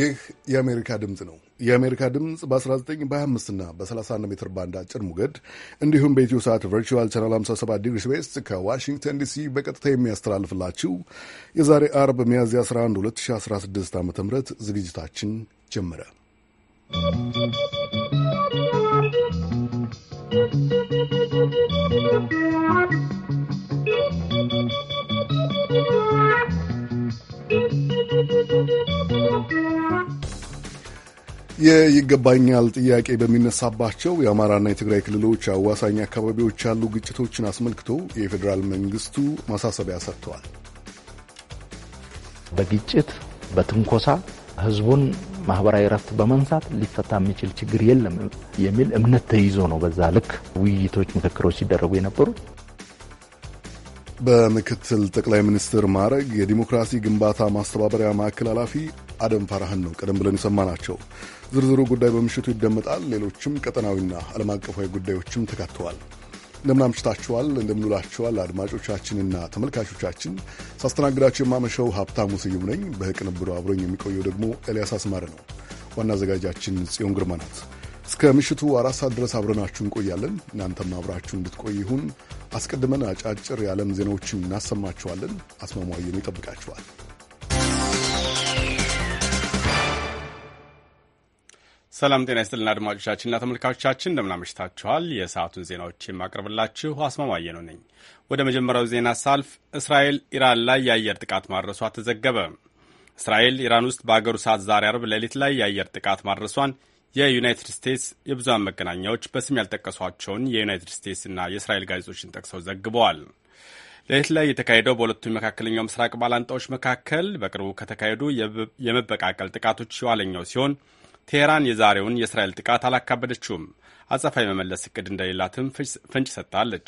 ይህ የአሜሪካ ድምፅ ነው። የአሜሪካ ድምፅ በ19 25 በ31 ሜትር ባንድ አጭር ሞገድ እንዲሁም በኢትዮ ሰዓት ቨርቹዋል ቻናል 57 ዲግሪ ዌስት ከዋሽንግተን ዲሲ በቀጥታ የሚያስተላልፍላችሁ የዛሬ አርብ ሚያዝያ 11 2016 ዓ ም ዝግጅታችን ጀመረ። የይገባኛል ጥያቄ በሚነሳባቸው የአማራና የትግራይ ክልሎች አዋሳኝ አካባቢዎች ያሉ ግጭቶችን አስመልክቶ የፌዴራል መንግስቱ ማሳሰቢያ ሰጥተዋል። በግጭት በትንኮሳ ህዝቡን ማህበራዊ ረፍት በመንሳት ሊፈታ የሚችል ችግር የለም የሚል እምነት ተይዞ ነው በዛ ልክ ውይይቶች፣ ምክክሮች ሲደረጉ የነበሩት። በምክትል ጠቅላይ ሚኒስትር ማዕረግ የዲሞክራሲ ግንባታ ማስተባበሪያ ማዕከል ኃላፊ አደም ፋራህን ነው ቀደም ብለን የሰማናቸው። ዝርዝሩ ጉዳይ በምሽቱ ይደመጣል። ሌሎችም ቀጠናዊና ዓለም አቀፋዊ ጉዳዮችም ተካተዋል። እንደምን እንደምንውላችኋል አድማጮቻችንና ተመልካቾቻችን። ሳስተናግዳቸው የማመሸው ሀብታሙ ስዩም ነኝ። በቅንብሩ አብሮኝ የሚቆየው ደግሞ ኤልያስ አስማረ ነው። ዋና አዘጋጃችን ጽዮን ግርማ ናት። እስከ ምሽቱ አራት ሰዓት ድረስ አብረናችሁ እንቆያለን። እናንተም አብራችሁ እንድትቆይ ይሁን። አስቀድመን አጫጭር የዓለም ዜናዎችን እናሰማችኋለን። አስማማየኑ ይጠብቃችኋል። ሰላም ጤና ይስጥልና አድማጮቻችንና ተመልካቾቻችን እንደምናመሽታችኋል። የሰዓቱን ዜናዎች የማቀርብላችሁ አስማማየ ነው ነኝ። ወደ መጀመሪያው ዜና ሳልፍ እስራኤል ኢራን ላይ የአየር ጥቃት ማድረሷ ተዘገበ። እስራኤል ኢራን ውስጥ በአገሩ ሰዓት ዛሬ አርብ ሌሊት ላይ የአየር ጥቃት ማድረሷን የዩናይትድ ስቴትስ የብዙሃን መገናኛዎች በስም ያልጠቀሷቸውን የዩናይትድ ስቴትስና የእስራኤል ጋዜጦችን ጠቅሰው ዘግበዋል። ሌሊት ላይ የተካሄደው በሁለቱም መካከለኛው ምስራቅ ባላንጣዎች መካከል በቅርቡ ከተካሄዱ የመበቃቀል ጥቃቶች የዋለኛው ሲሆን ቴሄራን የዛሬውን የእስራኤል ጥቃት አላካበደችውም። አጸፋ የመመለስ እቅድ እንደሌላትም ፍንጭ ሰጥታለች።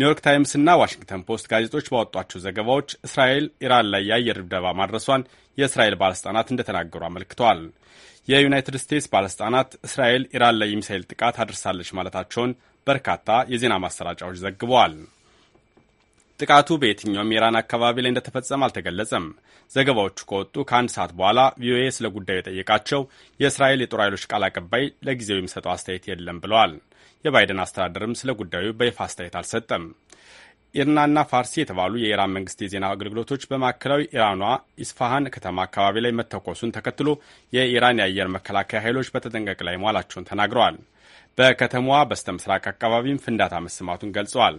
ኒውዮርክ ታይምስና ዋሽንግተን ፖስት ጋዜጦች ባወጧቸው ዘገባዎች እስራኤል ኢራን ላይ የአየር ድብደባ ማድረሷን የእስራኤል ባለሥልጣናት እንደተናገሩ አመልክተዋል። የዩናይትድ ስቴትስ ባለሥልጣናት እስራኤል ኢራን ላይ የሚሳይል ጥቃት አድርሳለች ማለታቸውን በርካታ የዜና ማሰራጫዎች ዘግበዋል። ጥቃቱ በየትኛውም የኢራን አካባቢ ላይ እንደተፈጸመ አልተገለጸም። ዘገባዎቹ ከወጡ ከአንድ ሰዓት በኋላ ቪኦኤ ስለ ጉዳዩ የጠየቃቸው የእስራኤል የጦር ኃይሎች ቃል አቀባይ ለጊዜው የሚሰጠው አስተያየት የለም ብለዋል። የባይደን አስተዳደርም ስለ ጉዳዩ በይፋ አስተያየት አልሰጠም። ኢርናና ፋርሲ የተባሉ የኢራን መንግስት የዜና አገልግሎቶች በማዕከላዊ ኢራኗ ኢስፋሃን ከተማ አካባቢ ላይ መተኮሱን ተከትሎ የኢራን የአየር መከላከያ ኃይሎች በተጠንቀቅ ላይ መዋላቸውን ተናግረዋል። በከተማዋ በስተ ምስራቅ አካባቢም ፍንዳታ መሰማቱን ገልጸዋል።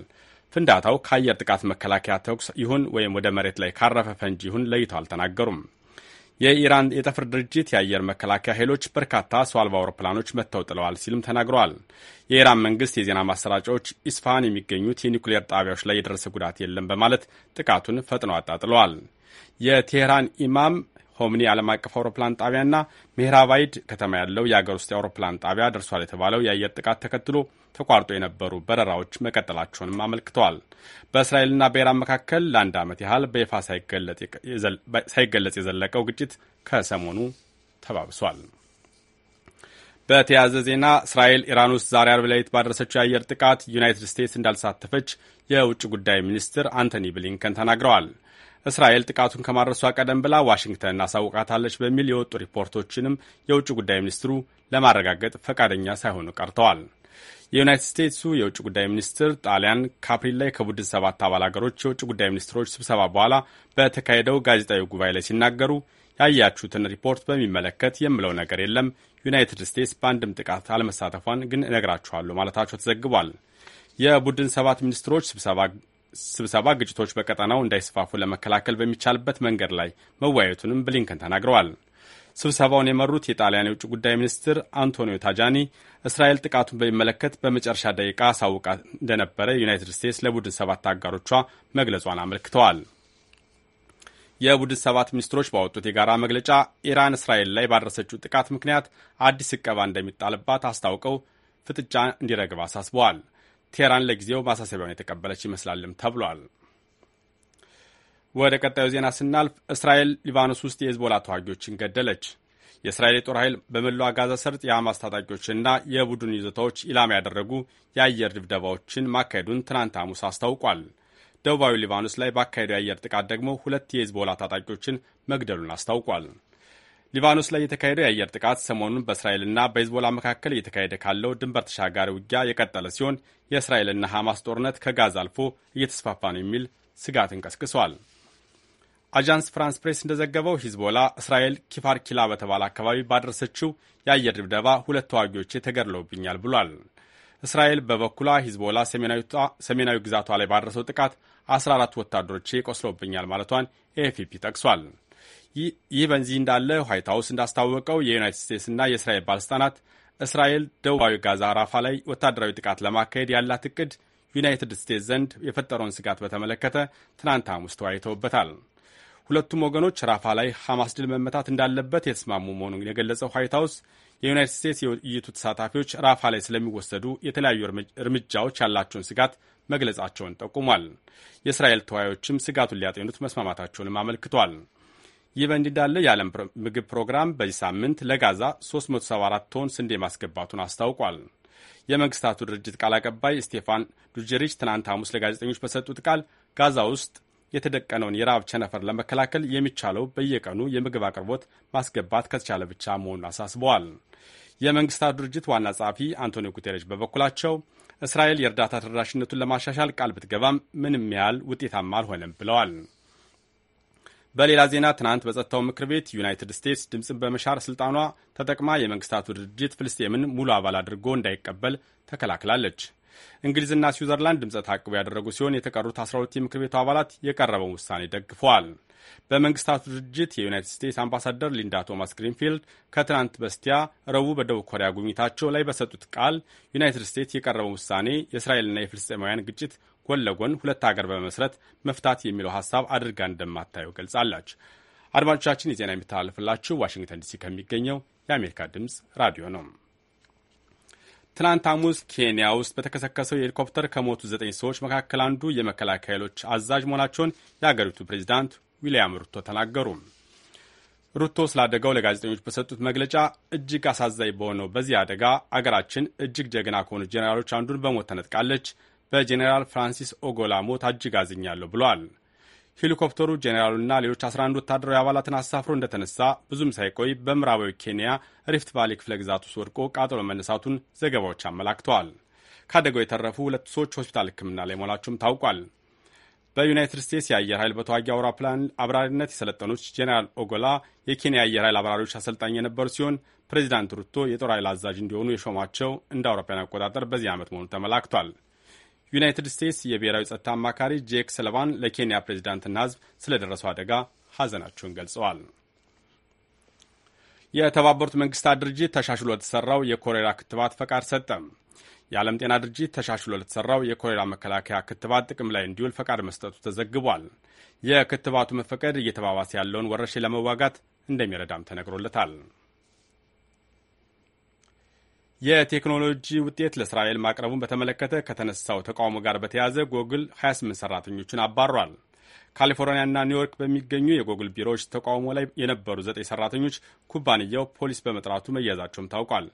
ፍንዳታው ከአየር ጥቃት መከላከያ ተኩስ ይሁን ወይም ወደ መሬት ላይ ካረፈ ፈንጂ ይሁን ለይተው አልተናገሩም። የኢራን የጠፈር ድርጅት የአየር መከላከያ ኃይሎች በርካታ ሰው አልባ አውሮፕላኖች መጥተው ጥለዋል ሲልም ተናግረዋል። የኢራን መንግስት የዜና ማሰራጫዎች ኢስፋሃን የሚገኙት የኒውክሌር ጣቢያዎች ላይ የደረሰ ጉዳት የለም በማለት ጥቃቱን ፈጥነው አጣጥለዋል። የቴህራን ኢማም ሆምኒ ዓለም አቀፍ አውሮፕላን ጣቢያና ምሄራባይድ ከተማ ያለው የአገር ውስጥ የአውሮፕላን ጣቢያ ደርሷል የተባለው የአየር ጥቃት ተከትሎ ተቋርጦ የነበሩ በረራዎች መቀጠላቸውንም አመልክተዋል። በእስራኤልና በኢራን መካከል ለአንድ ዓመት ያህል በይፋ ሳይገለጽ የዘለቀው ግጭት ከሰሞኑ ተባብሷል። በተያያዘ ዜና እስራኤል ኢራን ውስጥ ዛሬ አርብ ሌሊት ባደረሰችው የአየር ጥቃት ዩናይትድ ስቴትስ እንዳልተሳተፈች የውጭ ጉዳይ ሚኒስትር አንቶኒ ብሊንከን ተናግረዋል። እስራኤል ጥቃቱን ከማድረሷ ቀደም ብላ ዋሽንግተን እናሳውቃታለች በሚል የወጡ ሪፖርቶችንም የውጭ ጉዳይ ሚኒስትሩ ለማረጋገጥ ፈቃደኛ ሳይሆኑ ቀርተዋል። የዩናይትድ ስቴትሱ የውጭ ጉዳይ ሚኒስትር ጣሊያን ካፕሪል ላይ ከቡድን ሰባት አባል አገሮች የውጭ ጉዳይ ሚኒስትሮች ስብሰባ በኋላ በተካሄደው ጋዜጣዊ ጉባኤ ላይ ሲናገሩ ያያችሁትን ሪፖርት በሚመለከት የምለው ነገር የለም፣ ዩናይትድ ስቴትስ በአንድም ጥቃት አለመሳተፏን ግን እነግራችኋለሁ ማለታቸው ተዘግቧል። የቡድን ሰባት ሚኒስትሮች ስብሰባ ስብሰባ ግጭቶች በቀጠናው እንዳይስፋፉ ለመከላከል በሚቻልበት መንገድ ላይ መወያየቱንም ብሊንከን ተናግረዋል። ስብሰባውን የመሩት የጣሊያን የውጭ ጉዳይ ሚኒስትር አንቶኒዮ ታጃኒ እስራኤል ጥቃቱን በሚመለከት በመጨረሻ ደቂቃ አሳውቃ እንደነበረ ዩናይትድ ስቴትስ ለቡድን ሰባት አጋሮቿ መግለጿን አመልክተዋል። የቡድን ሰባት ሚኒስትሮች ባወጡት የጋራ መግለጫ ኢራን እስራኤል ላይ ባደረሰችው ጥቃት ምክንያት አዲስ እቀባ እንደሚጣልባት አስታውቀው ፍጥጫ እንዲረግብ አሳስበዋል። ቴህራን ለጊዜው ማሳሰቢያውን የተቀበለች ይመስላልም ተብሏል። ወደ ቀጣዩ ዜና ስናልፍ እስራኤል ሊባኖስ ውስጥ የሄዝቦላ ተዋጊዎችን ገደለች። የእስራኤል የጦር ኃይል በመላዋ ጋዛ ሰርጥ የሐማስ ታጣቂዎችና የቡድን ይዞታዎች ኢላማ ያደረጉ የአየር ድብደባዎችን ማካሄዱን ትናንት ሐሙስ አስታውቋል። ደቡባዊ ሊባኖስ ላይ ባካሄደው የአየር ጥቃት ደግሞ ሁለት የሄዝቦላ ታጣቂዎችን መግደሉን አስታውቋል። ሊባኖስ ላይ የተካሄደው የአየር ጥቃት ሰሞኑን በእስራኤልና በሂዝቦላ መካከል እየተካሄደ ካለው ድንበር ተሻጋሪ ውጊያ የቀጠለ ሲሆን የእስራኤልና ሐማስ ጦርነት ከጋዛ አልፎ እየተስፋፋ ነው የሚል ስጋትን ቀስቅሷል። አጃንስ ፍራንስ ፕሬስ እንደዘገበው ሂዝቦላ እስራኤል ኪፋር ኪላ በተባለ አካባቢ ባደረሰችው የአየር ድብደባ ሁለት ተዋጊዎች ተገድለውብኛል ብሏል። እስራኤል በበኩሏ ሂዝቦላ ሰሜናዊ ግዛቷ ላይ ባደረሰው ጥቃት 14 ወታደሮቼ ቆስለውብኛል ማለቷን ኤኤፍፒ ጠቅሷል። ይህ በዚህ እንዳለ ዋይት ሀውስ እንዳስታወቀው የዩናይትድ ስቴትስና የእስራኤል ባለስልጣናት እስራኤል ደቡባዊ ጋዛ ራፋ ላይ ወታደራዊ ጥቃት ለማካሄድ ያላት እቅድ ዩናይትድ ስቴትስ ዘንድ የፈጠረውን ስጋት በተመለከተ ትናንት ሐሙስ ተወያይተውበታል። ሁለቱም ወገኖች ራፋ ላይ ሐማስ ድል መመታት እንዳለበት የተስማሙ መሆኑን የገለጸው ዋይት ሀውስ የዩናይትድ ስቴትስ የውይይቱ ተሳታፊዎች ራፋ ላይ ስለሚወሰዱ የተለያዩ እርምጃዎች ያላቸውን ስጋት መግለጻቸውን ጠቁሟል። የእስራኤል ተወያዮችም ስጋቱን ሊያጤኑት መስማማታቸውንም አመልክቷል። ይህ በእንዲህ እንዳለ የዓለም ምግብ ፕሮግራም በዚህ ሳምንት ለጋዛ 374 ቶን ስንዴ ማስገባቱን አስታውቋል። የመንግስታቱ ድርጅት ቃል አቀባይ ስቴፋን ዱጀሪች ትናንት ሐሙስ ለጋዜጠኞች በሰጡት ቃል ጋዛ ውስጥ የተደቀነውን የረሃብ ቸነፈር ለመከላከል የሚቻለው በየቀኑ የምግብ አቅርቦት ማስገባት ከተቻለ ብቻ መሆኑን አሳስበዋል። የመንግስታቱ ድርጅት ዋና ጸሐፊ አንቶኒዮ ጉቴሬሽ በበኩላቸው እስራኤል የእርዳታ ተደራሽነቱን ለማሻሻል ቃል ብትገባም ምንም ያህል ውጤታማ አልሆነም ብለዋል። በሌላ ዜና ትናንት በጸጥታው ምክር ቤት ዩናይትድ ስቴትስ ድምፅን በመሻር ስልጣኗ ተጠቅማ የመንግስታቱ ድርጅት ፍልስጤምን ሙሉ አባል አድርጎ እንዳይቀበል ተከላክላለች። እንግሊዝና ስዊዘርላንድ ድምፀ ተአቅቦ ያደረጉ ሲሆን የተቀሩት 12 የምክር ቤቱ አባላት የቀረበውን ውሳኔ ደግፈዋል። በመንግስታቱ ድርጅት የዩናይትድ ስቴትስ አምባሳደር ሊንዳ ቶማስ ግሪንፊልድ ከትናንት በስቲያ ረቡዕ በደቡብ ኮሪያ ጉብኝታቸው ላይ በሰጡት ቃል ዩናይትድ ስቴትስ የቀረበውን ውሳኔ የእስራኤልና የፍልስጤማውያን ግጭት ጎን ለጎን ሁለት ሀገር በመመስረት መፍታት የሚለው ሀሳብ አድርጋ እንደማታየው ገልጻለች። አድማጮቻችን የዜና የሚተላለፍላችሁ ዋሽንግተን ዲሲ ከሚገኘው የአሜሪካ ድምፅ ራዲዮ ነው። ትናንት ሐሙስ ኬንያ ውስጥ በተከሰከሰው የሄሊኮፕተር ከሞቱ ዘጠኝ ሰዎች መካከል አንዱ የመከላከያ ኃይሎች አዛዥ መሆናቸውን የአገሪቱ ፕሬዚዳንት ዊልያም ሩቶ ተናገሩ። ሩቶ ስላደጋው ለጋዜጠኞች በሰጡት መግለጫ እጅግ አሳዛኝ በሆነው በዚህ አደጋ አገራችን እጅግ ጀግና ከሆኑ ጄኔራሎች አንዱን በሞት ተነጥቃለች። በጄኔራል ፍራንሲስ ኦጎላ ሞት እጅግ አዝኛለሁ ብሏል። ሄሊኮፕተሩ ጄኔራሉና ሌሎች 11 ወታደራዊ አባላትን አሳፍሮ እንደተነሳ ብዙም ሳይቆይ በምዕራባዊ ኬንያ ሪፍት ቫሌ ክፍለ ግዛት ውስጥ ወድቆ ቃጠሎ መነሳቱን ዘገባዎች አመላክተዋል። ከአደጋው የተረፉ ሁለት ሰዎች ሆስፒታል ሕክምና ላይ መሆናቸውም ታውቋል። በዩናይትድ ስቴትስ የአየር ኃይል በተዋጊ አውሮፕላን አብራሪነት የሰለጠኑት ጄኔራል ኦጎላ የኬንያ አየር ኃይል አብራሪዎች አሰልጣኝ የነበሩ ሲሆን ፕሬዚዳንት ሩቶ የጦር ኃይል አዛዥ እንዲሆኑ የሾማቸው እንደ አውሮፓውያን አቆጣጠር በዚህ ዓመት መሆኑ ተመላክቷል። ዩናይትድ ስቴትስ የብሔራዊ ጸጥታ አማካሪ ጄክ ሰለቫን ለኬንያ ፕሬዚዳንትና ህዝብ ስለደረሰው አደጋ ሐዘናቸውን ገልጸዋል። የተባበሩት መንግስታት ድርጅት ተሻሽሎ ለተሰራው የኮሌራ ክትባት ፈቃድ ሰጠ። የዓለም ጤና ድርጅት ተሻሽሎ ለተሰራው የኮሌራ መከላከያ ክትባት ጥቅም ላይ እንዲውል ፈቃድ መስጠቱ ተዘግቧል። የክትባቱ መፈቀድ እየተባባሰ ያለውን ወረርሽኝ ለመዋጋት እንደሚረዳም ተነግሮለታል። የቴክኖሎጂ ውጤት ለእስራኤል ማቅረቡን በተመለከተ ከተነሳው ተቃውሞ ጋር በተያያዘ ጎግል 28 ሰራተኞችን አባሯል። ካሊፎርኒያና ኒውዮርክ በሚገኙ የጎግል ቢሮዎች ተቃውሞ ላይ የነበሩ ዘጠኝ ሰራተኞች ኩባንያው ፖሊስ በመጥራቱ መያዛቸውም ታውቋል።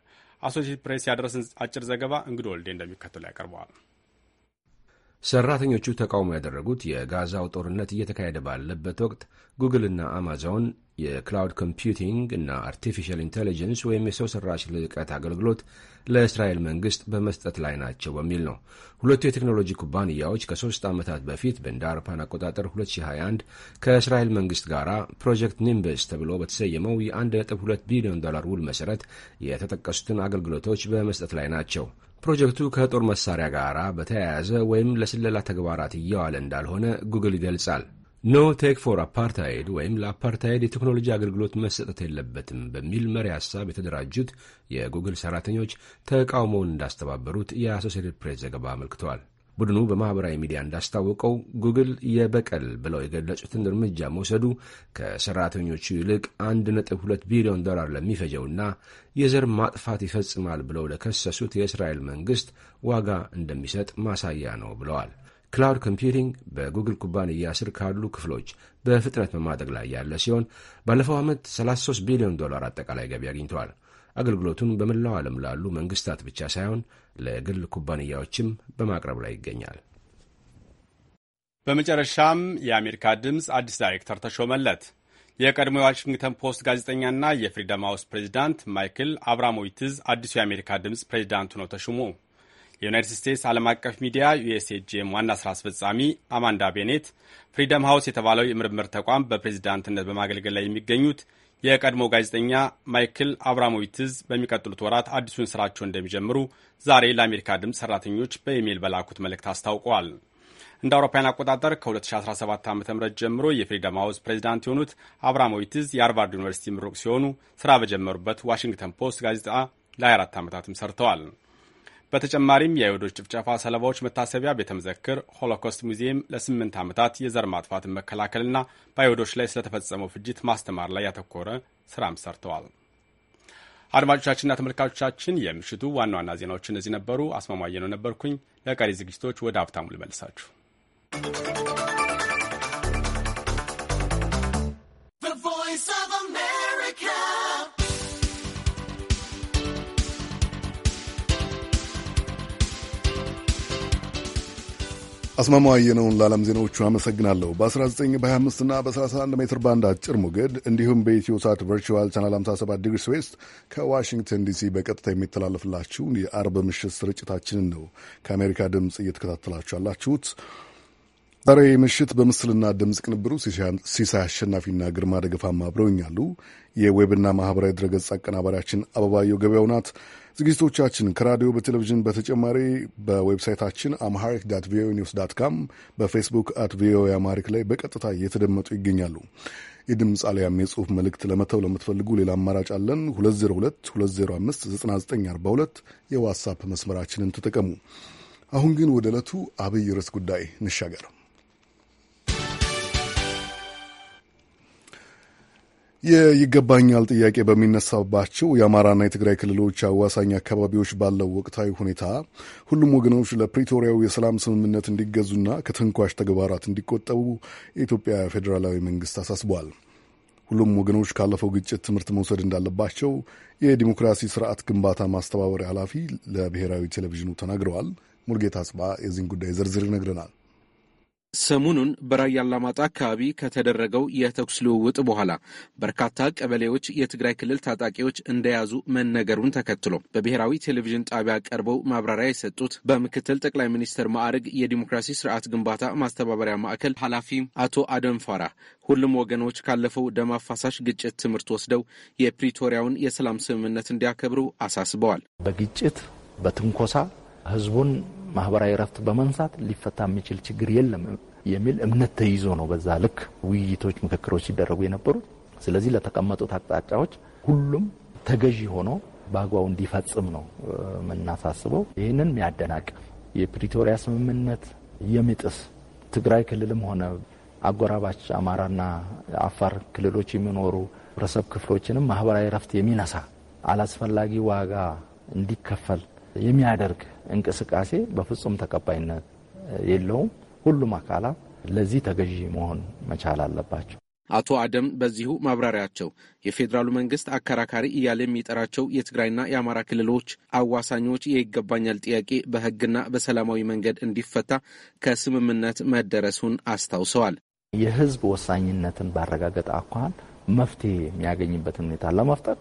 አሶሴት ፕሬስ ያደረስን አጭር ዘገባ እንግዶ ወልዴ እንደሚከተሉ ያቀርበዋል። ሰራተኞቹ ተቃውሞ ያደረጉት የጋዛው ጦርነት እየተካሄደ ባለበት ወቅት ጉግልና አማዞን የክላውድ ኮምፒውቲንግ እና አርቲፊሻል ኢንቴሊጀንስ ወይም የሰው ሰራሽ ልቀት አገልግሎት ለእስራኤል መንግስት በመስጠት ላይ ናቸው በሚል ነው። ሁለቱ የቴክኖሎጂ ኩባንያዎች ከሶስት ዓመታት በፊት በእንደ አውሮፓውያን አቆጣጠር 2021 ከእስራኤል መንግስት ጋር ፕሮጀክት ኒምበስ ተብሎ በተሰየመው የ1.2 ቢሊዮን ዶላር ውል መሰረት የተጠቀሱትን አገልግሎቶች በመስጠት ላይ ናቸው። ፕሮጀክቱ ከጦር መሳሪያ ጋር በተያያዘ ወይም ለስለላ ተግባራት እየዋለ እንዳልሆነ ጉግል ይገልጻል። ኖ ቴክ ፎር አፓርታይድ ወይም ለአፓርታይድ የቴክኖሎጂ አገልግሎት መሰጠት የለበትም በሚል መሪ ሀሳብ የተደራጁት የጉግል ሰራተኞች ተቃውሞውን እንዳስተባበሩት የአሶሴትድ ፕሬስ ዘገባ አመልክተዋል። ቡድኑ በማኅበራዊ ሚዲያ እንዳስታወቀው ጉግል የበቀል ብለው የገለጹትን እርምጃ መውሰዱ ከሰራተኞቹ ይልቅ 1.2 ቢሊዮን ዶላር ለሚፈጀውና የዘር ማጥፋት ይፈጽማል ብለው ለከሰሱት የእስራኤል መንግሥት ዋጋ እንደሚሰጥ ማሳያ ነው ብለዋል። ክላውድ ኮምፒውቲንግ በጉግል ኩባንያ ስር ካሉ ክፍሎች በፍጥነት መማጠቅ ላይ ያለ ሲሆን ባለፈው ዓመት 33 ቢሊዮን ዶላር አጠቃላይ ገቢ አግኝተዋል። አገልግሎቱን በመላው ዓለም ላሉ መንግስታት ብቻ ሳይሆን ለግል ኩባንያዎችም በማቅረብ ላይ ይገኛል። በመጨረሻም የአሜሪካ ድምፅ አዲስ ዳይሬክተር ተሾመለት። የቀድሞ የዋሽንግተን ፖስት ጋዜጠኛና የፍሪደም ሃውስ ፕሬዚዳንት ማይክል አብራሞዊትዝ አዲሱ የአሜሪካ ድምፅ ፕሬዚዳንት ሆነው ተሾሙ። የዩናይትድ ስቴትስ ዓለም አቀፍ ሚዲያ ዩኤስኤጂኤም ዋና ስራ አስፈጻሚ አማንዳ ቤኔት ፍሪደም ሃውስ የተባለው የምርምር ተቋም በፕሬዝዳንትነት በማገልገል ላይ የሚገኙት የቀድሞ ጋዜጠኛ ማይክል አብራሞዊትዝ በሚቀጥሉት ወራት አዲሱን ስራቸው እንደሚጀምሩ ዛሬ ለአሜሪካ ድምፅ ሰራተኞች በኢሜይል በላኩት መልእክት አስታውቀዋል። እንደ አውሮፓውያን አቆጣጠር ከ2017 ዓ ም ጀምሮ የፍሪደም ሃውስ ፕሬዚዳንት የሆኑት አብራሞዊትዝ የአርቫርድ ዩኒቨርሲቲ ምሩቅ ሲሆኑ ስራ በጀመሩበት ዋሽንግተን ፖስት ጋዜጣ ለ24 ዓመታትም ሰርተዋል። በተጨማሪም የአይሁዶች ጭፍጨፋ ሰለባዎች መታሰቢያ ቤተ መዘክር ሆሎኮስት ሙዚየም ለስምንት ዓመታት የዘር ማጥፋትን መከላከልና በአይሁዶች ላይ ስለተፈጸመው ፍጅት ማስተማር ላይ ያተኮረ ስራም ሰርተዋል። አድማጮቻችንና ተመልካቾቻችን የምሽቱ ዋና ዋና ዜናዎች እነዚህ ነበሩ። አስማማየ ነው ነበርኩኝ። ለቀሪ ዝግጅቶች ወደ ሀብታሙ ልመልሳችሁ። አስማማ አየነውን ለዓለም ዜናዎቹ አመሰግናለሁ። በ19 በ25 እና በ31 ሜትር ባንድ አጭር ሞገድ እንዲሁም በኢትዮ ሳት ቨርቹዋል ቻናል 57 ዲግሪ ስዌስት ከዋሽንግተን ዲሲ በቀጥታ የሚተላለፍላችሁን የአርብ ምሽት ስርጭታችንን ነው ከአሜሪካ ድምፅ እየተከታተላችሁ ያላችሁት። ዛሬ ምሽት በምስልና ድምፅ ቅንብሩ ሲሳይ አሸናፊና ግርማ ደገፋም አብረውኛሉ። የዌብና ማህበራዊ ድረገጽ አቀናባሪያችን አበባየው ገበያው ናት። ዝግጅቶቻችን ከራዲዮ በቴሌቪዥን በተጨማሪ በዌብሳይታችን አምሃሪክ ዳት ቪኦኤ ኒውስ ዳት ካም፣ በፌስቡክ አት ቪኦኤ አማሪክ ላይ በቀጥታ እየተደመጡ ይገኛሉ። የድምፅ አሊያም የጽሁፍ መልእክት ለመተው ለምትፈልጉ ሌላ አማራጭ አለን። 2022059942 የዋትሳፕ መስመራችንን ተጠቀሙ። አሁን ግን ወደ ዕለቱ አብይ ርዕስ ጉዳይ እንሻገር። የይገባኛል ጥያቄ በሚነሳባቸው የአማራና የትግራይ ክልሎች አዋሳኝ አካባቢዎች ባለው ወቅታዊ ሁኔታ ሁሉም ወገኖች ለፕሪቶሪያው የሰላም ስምምነት እንዲገዙና ከተንኳሽ ተግባራት እንዲቆጠቡ የኢትዮጵያ ፌዴራላዊ መንግስት አሳስቧል። ሁሉም ወገኖች ካለፈው ግጭት ትምህርት መውሰድ እንዳለባቸው የዲሞክራሲ ስርዓት ግንባታ ማስተባበሪያ ኃላፊ ለብሔራዊ ቴሌቪዥኑ ተናግረዋል። ሙልጌታ ጽባ የዚህን ጉዳይ ዝርዝር ይነግረናል። ሰሞኑን በራያ አላማጣ አካባቢ ከተደረገው የተኩስ ልውውጥ በኋላ በርካታ ቀበሌዎች የትግራይ ክልል ታጣቂዎች እንደያዙ መነገሩን ተከትሎ በብሔራዊ ቴሌቪዥን ጣቢያ ቀርበው ማብራሪያ የሰጡት በምክትል ጠቅላይ ሚኒስትር ማዕረግ የዲሞክራሲ ስርዓት ግንባታ ማስተባበሪያ ማዕከል ኃላፊ አቶ አደም ፋራ ሁሉም ወገኖች ካለፈው ደም አፋሳሽ ግጭት ትምህርት ወስደው የፕሪቶሪያውን የሰላም ስምምነት እንዲያከብሩ አሳስበዋል። በግጭት በትንኮሳ ህዝቡን ማህበራዊ ረፍት በመንሳት ሊፈታ የሚችል ችግር የለም የሚል እምነት ተይዞ ነው በዛ ልክ ውይይቶች፣ ምክክሮች ሲደረጉ የነበሩት። ስለዚህ ለተቀመጡት አቅጣጫዎች ሁሉም ተገዢ ሆኖ በአግባቡ እንዲፈጽም ነው የምናሳስበው። ይህንን የሚያደናቅፍ የፕሪቶሪያ ስምምነት የሚጥስ ትግራይ ክልልም ሆነ አጎራባች አማራና አፋር ክልሎች የሚኖሩ ህብረተሰብ ክፍሎችንም ማህበራዊ ረፍት የሚነሳ አላስፈላጊ ዋጋ እንዲከፈል የሚያደርግ እንቅስቃሴ በፍጹም ተቀባይነት የለውም። ሁሉም አካላት ለዚህ ተገዢ መሆን መቻል አለባቸው። አቶ አደም በዚሁ ማብራሪያቸው የፌዴራሉ መንግስት አከራካሪ እያለ የሚጠራቸው የትግራይና የአማራ ክልሎች አዋሳኞች የይገባኛል ጥያቄ በህግና በሰላማዊ መንገድ እንዲፈታ ከስምምነት መደረሱን አስታውሰዋል። የህዝብ ወሳኝነትን ባረጋገጠ አኳኋን መፍትሄ የሚያገኝበትን ሁኔታ ለመፍጠር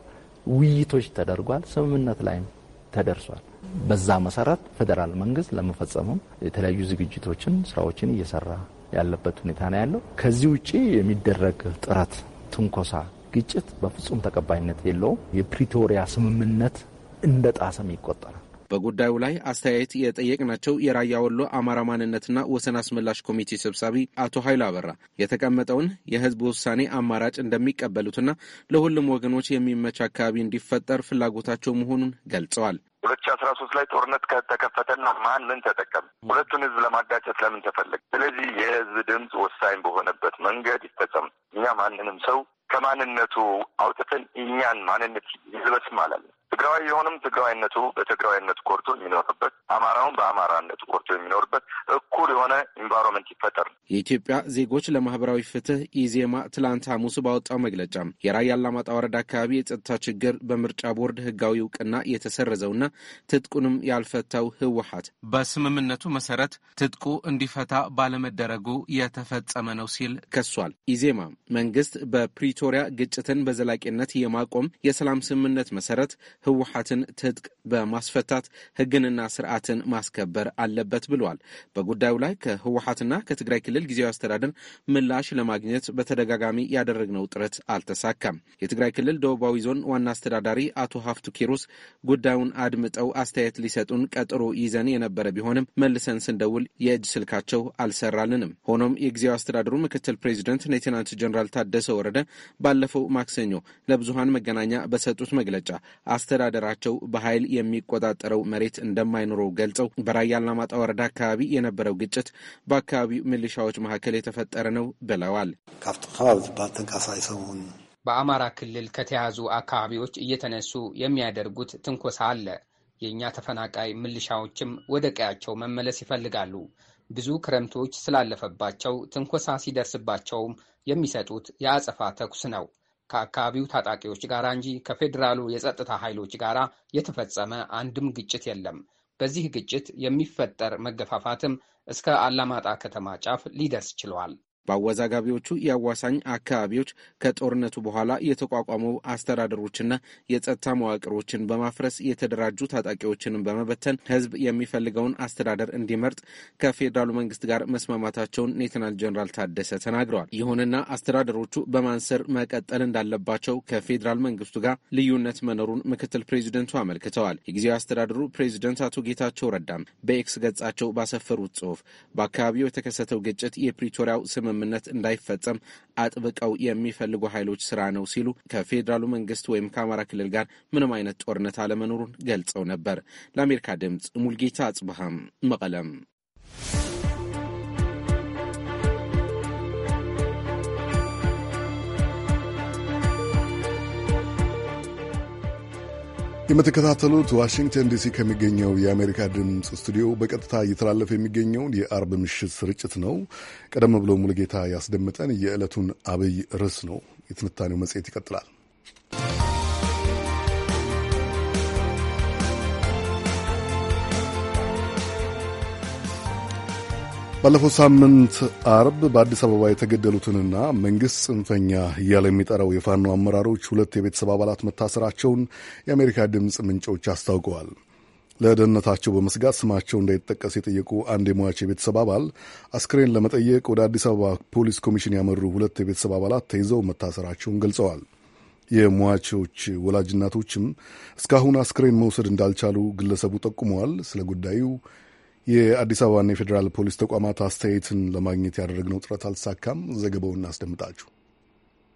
ውይይቶች ተደርጓል። ስምምነት ላይም ተደርሷል። በዛ መሰረት ፌዴራል መንግስት ለመፈጸሙም የተለያዩ ዝግጅቶችን፣ ስራዎችን እየሰራ ያለበት ሁኔታ ነው ያለው። ከዚህ ውጭ የሚደረግ ጥረት፣ ትንኮሳ፣ ግጭት በፍጹም ተቀባይነት የለውም። የፕሪቶሪያ ስምምነት እንደ ጣሰም ይቆጠራል። በጉዳዩ ላይ አስተያየት የጠየቅናቸው የራያ ወሎ አማራ ማንነትና ወሰን አስመላሽ ኮሚቴ ሰብሳቢ አቶ ኃይሉ አበራ የተቀመጠውን የህዝብ ውሳኔ አማራጭ እንደሚቀበሉትና ለሁሉም ወገኖች የሚመች አካባቢ እንዲፈጠር ፍላጎታቸው መሆኑን ገልጸዋል። ሁለት ሺ አስራ ሶስት ላይ ጦርነት ከተከፈተና ማን ምን ተጠቀም? ሁለቱን ህዝብ ለማጋጨት ለምን ተፈለግ? ስለዚህ የህዝብ ድምፅ ወሳኝ በሆነበት መንገድ ይፈጸም። እኛ ማንንም ሰው ከማንነቱ አውጥተን እኛን ማንነት ይልበስ አላለን። ትግራዊ የሆንም ትግራዊነቱ በትግራዊነት ኮርቶ የሚኖርበት አማራውን በአማራነቱ ኮርቶ የሚኖርበት እኩል የሆነ ኢንቫይሮንመንት ይፈጠር። የኢትዮጵያ ዜጎች ለማህበራዊ ፍትህ ኢዜማ ትላንት ሐሙስ ባወጣው መግለጫ የራያ አላማጣ ወረዳ አካባቢ የጸጥታ ችግር በምርጫ ቦርድ ህጋዊ እውቅና የተሰረዘውና ትጥቁንም ያልፈታው ህወሀት በስምምነቱ መሰረት ትጥቁ እንዲፈታ ባለመደረጉ የተፈጸመ ነው ሲል ከሷል። ኢዜማ መንግስት በፕሪቶሪያ ግጭትን በዘላቂነት የማቆም የሰላም ስምምነት መሰረት ህወሓትን ትጥቅ በማስፈታት ህግንና ስርዓትን ማስከበር አለበት ብለዋል። በጉዳዩ ላይ ከህወሓትና ከትግራይ ክልል ጊዜያዊ አስተዳደር ምላሽ ለማግኘት በተደጋጋሚ ያደረግነው ጥረት አልተሳካም። የትግራይ ክልል ደቡባዊ ዞን ዋና አስተዳዳሪ አቶ ሀፍቱ ኪሩስ ጉዳዩን አድምጠው አስተያየት ሊሰጡን ቀጠሮ ይዘን የነበረ ቢሆንም መልሰን ስንደውል የእጅ ስልካቸው አልሰራልንም። ሆኖም የጊዜያዊ አስተዳደሩ ምክትል ፕሬዚደንት ሌትናንት ጀኔራል ታደሰ ወረደ ባለፈው ማክሰኞ ለብዙሃን መገናኛ በሰጡት መግለጫ አስተዳደራቸው በኃይል የሚቆጣጠረው መሬት እንደማይኖረው ገልጸው በራያ አላማጣ ወረዳ አካባቢ የነበረው ግጭት በአካባቢው ሚሊሻዎች መካከል የተፈጠረ ነው ብለዋል። ካብቲ ከባቢ ዝበሃል ተንቀሳቃሳይ ሰሙን በአማራ ክልል ከተያዙ አካባቢዎች እየተነሱ የሚያደርጉት ትንኮሳ አለ። የእኛ ተፈናቃይ ምልሻዎችም ወደ ቀያቸው መመለስ ይፈልጋሉ። ብዙ ክረምቶች ስላለፈባቸው ትንኮሳ ሲደርስባቸውም የሚሰጡት የአጸፋ ተኩስ ነው። ከአካባቢው ታጣቂዎች ጋር እንጂ ከፌዴራሉ የጸጥታ ኃይሎች ጋር የተፈጸመ አንድም ግጭት የለም። በዚህ ግጭት የሚፈጠር መገፋፋትም እስከ አላማጣ ከተማ ጫፍ ሊደርስ ችሏል። በአወዛጋቢዎቹ የአዋሳኝ አካባቢዎች ከጦርነቱ በኋላ የተቋቋሙ አስተዳደሮችና የጸጥታ መዋቅሮችን በማፍረስ የተደራጁ ታጣቂዎችንም በመበተን ህዝብ የሚፈልገውን አስተዳደር እንዲመርጥ ከፌዴራሉ መንግስት ጋር መስማማታቸውን ሌተናል ጀኔራል ታደሰ ተናግረዋል። ይሁንና አስተዳደሮቹ በማንሰር መቀጠል እንዳለባቸው ከፌዴራል መንግስቱ ጋር ልዩነት መኖሩን ምክትል ፕሬዚደንቱ አመልክተዋል። የጊዜያዊ አስተዳደሩ ፕሬዚደንት አቶ ጌታቸው ረዳም በኤክስ ገጻቸው ባሰፈሩት ጽሁፍ በአካባቢው የተከሰተው ግጭት የፕሪቶሪያው ስምም ስምምነት እንዳይፈጸም አጥብቀው የሚፈልጉ ኃይሎች ስራ ነው ሲሉ ከፌዴራሉ መንግስት ወይም ከአማራ ክልል ጋር ምንም አይነት ጦርነት አለመኖሩን ገልጸው ነበር። ለአሜሪካ ድምፅ ሙልጌታ አጽብሃም መቀለም የምትከታተሉት ዋሽንግተን ዲሲ ከሚገኘው የአሜሪካ ድምፅ ስቱዲዮ በቀጥታ እየተላለፈ የሚገኘውን የአርብ ምሽት ስርጭት ነው። ቀደም ብሎ ሙልጌታ ያስደምጠን የዕለቱን አብይ ርዕስ ነው። የትንታኔው መጽሔት ይቀጥላል። ባለፈው ሳምንት አርብ በአዲስ አበባ የተገደሉትንና መንግሥት ጽንፈኛ እያለ የሚጠራው የፋኖ አመራሮች ሁለት የቤተሰብ አባላት መታሰራቸውን የአሜሪካ ድምፅ ምንጮች አስታውቀዋል። ለደህንነታቸው በመስጋት ስማቸው እንዳይጠቀስ የጠየቁ አንድ የሟች የቤተሰብ አባል አስክሬን ለመጠየቅ ወደ አዲስ አበባ ፖሊስ ኮሚሽን ያመሩ ሁለት የቤተሰብ አባላት ተይዘው መታሰራቸውን ገልጸዋል። የሟቾች ወላጅናቶችም እስካሁን አስክሬን መውሰድ እንዳልቻሉ ግለሰቡ ጠቁመዋል። ስለ ጉዳዩ የአዲስ አበባና የፌዴራል ፖሊስ ተቋማት አስተያየትን ለማግኘት ያደረግነው ጥረት አልተሳካም። ዘገባውን እናስደምጣችሁ።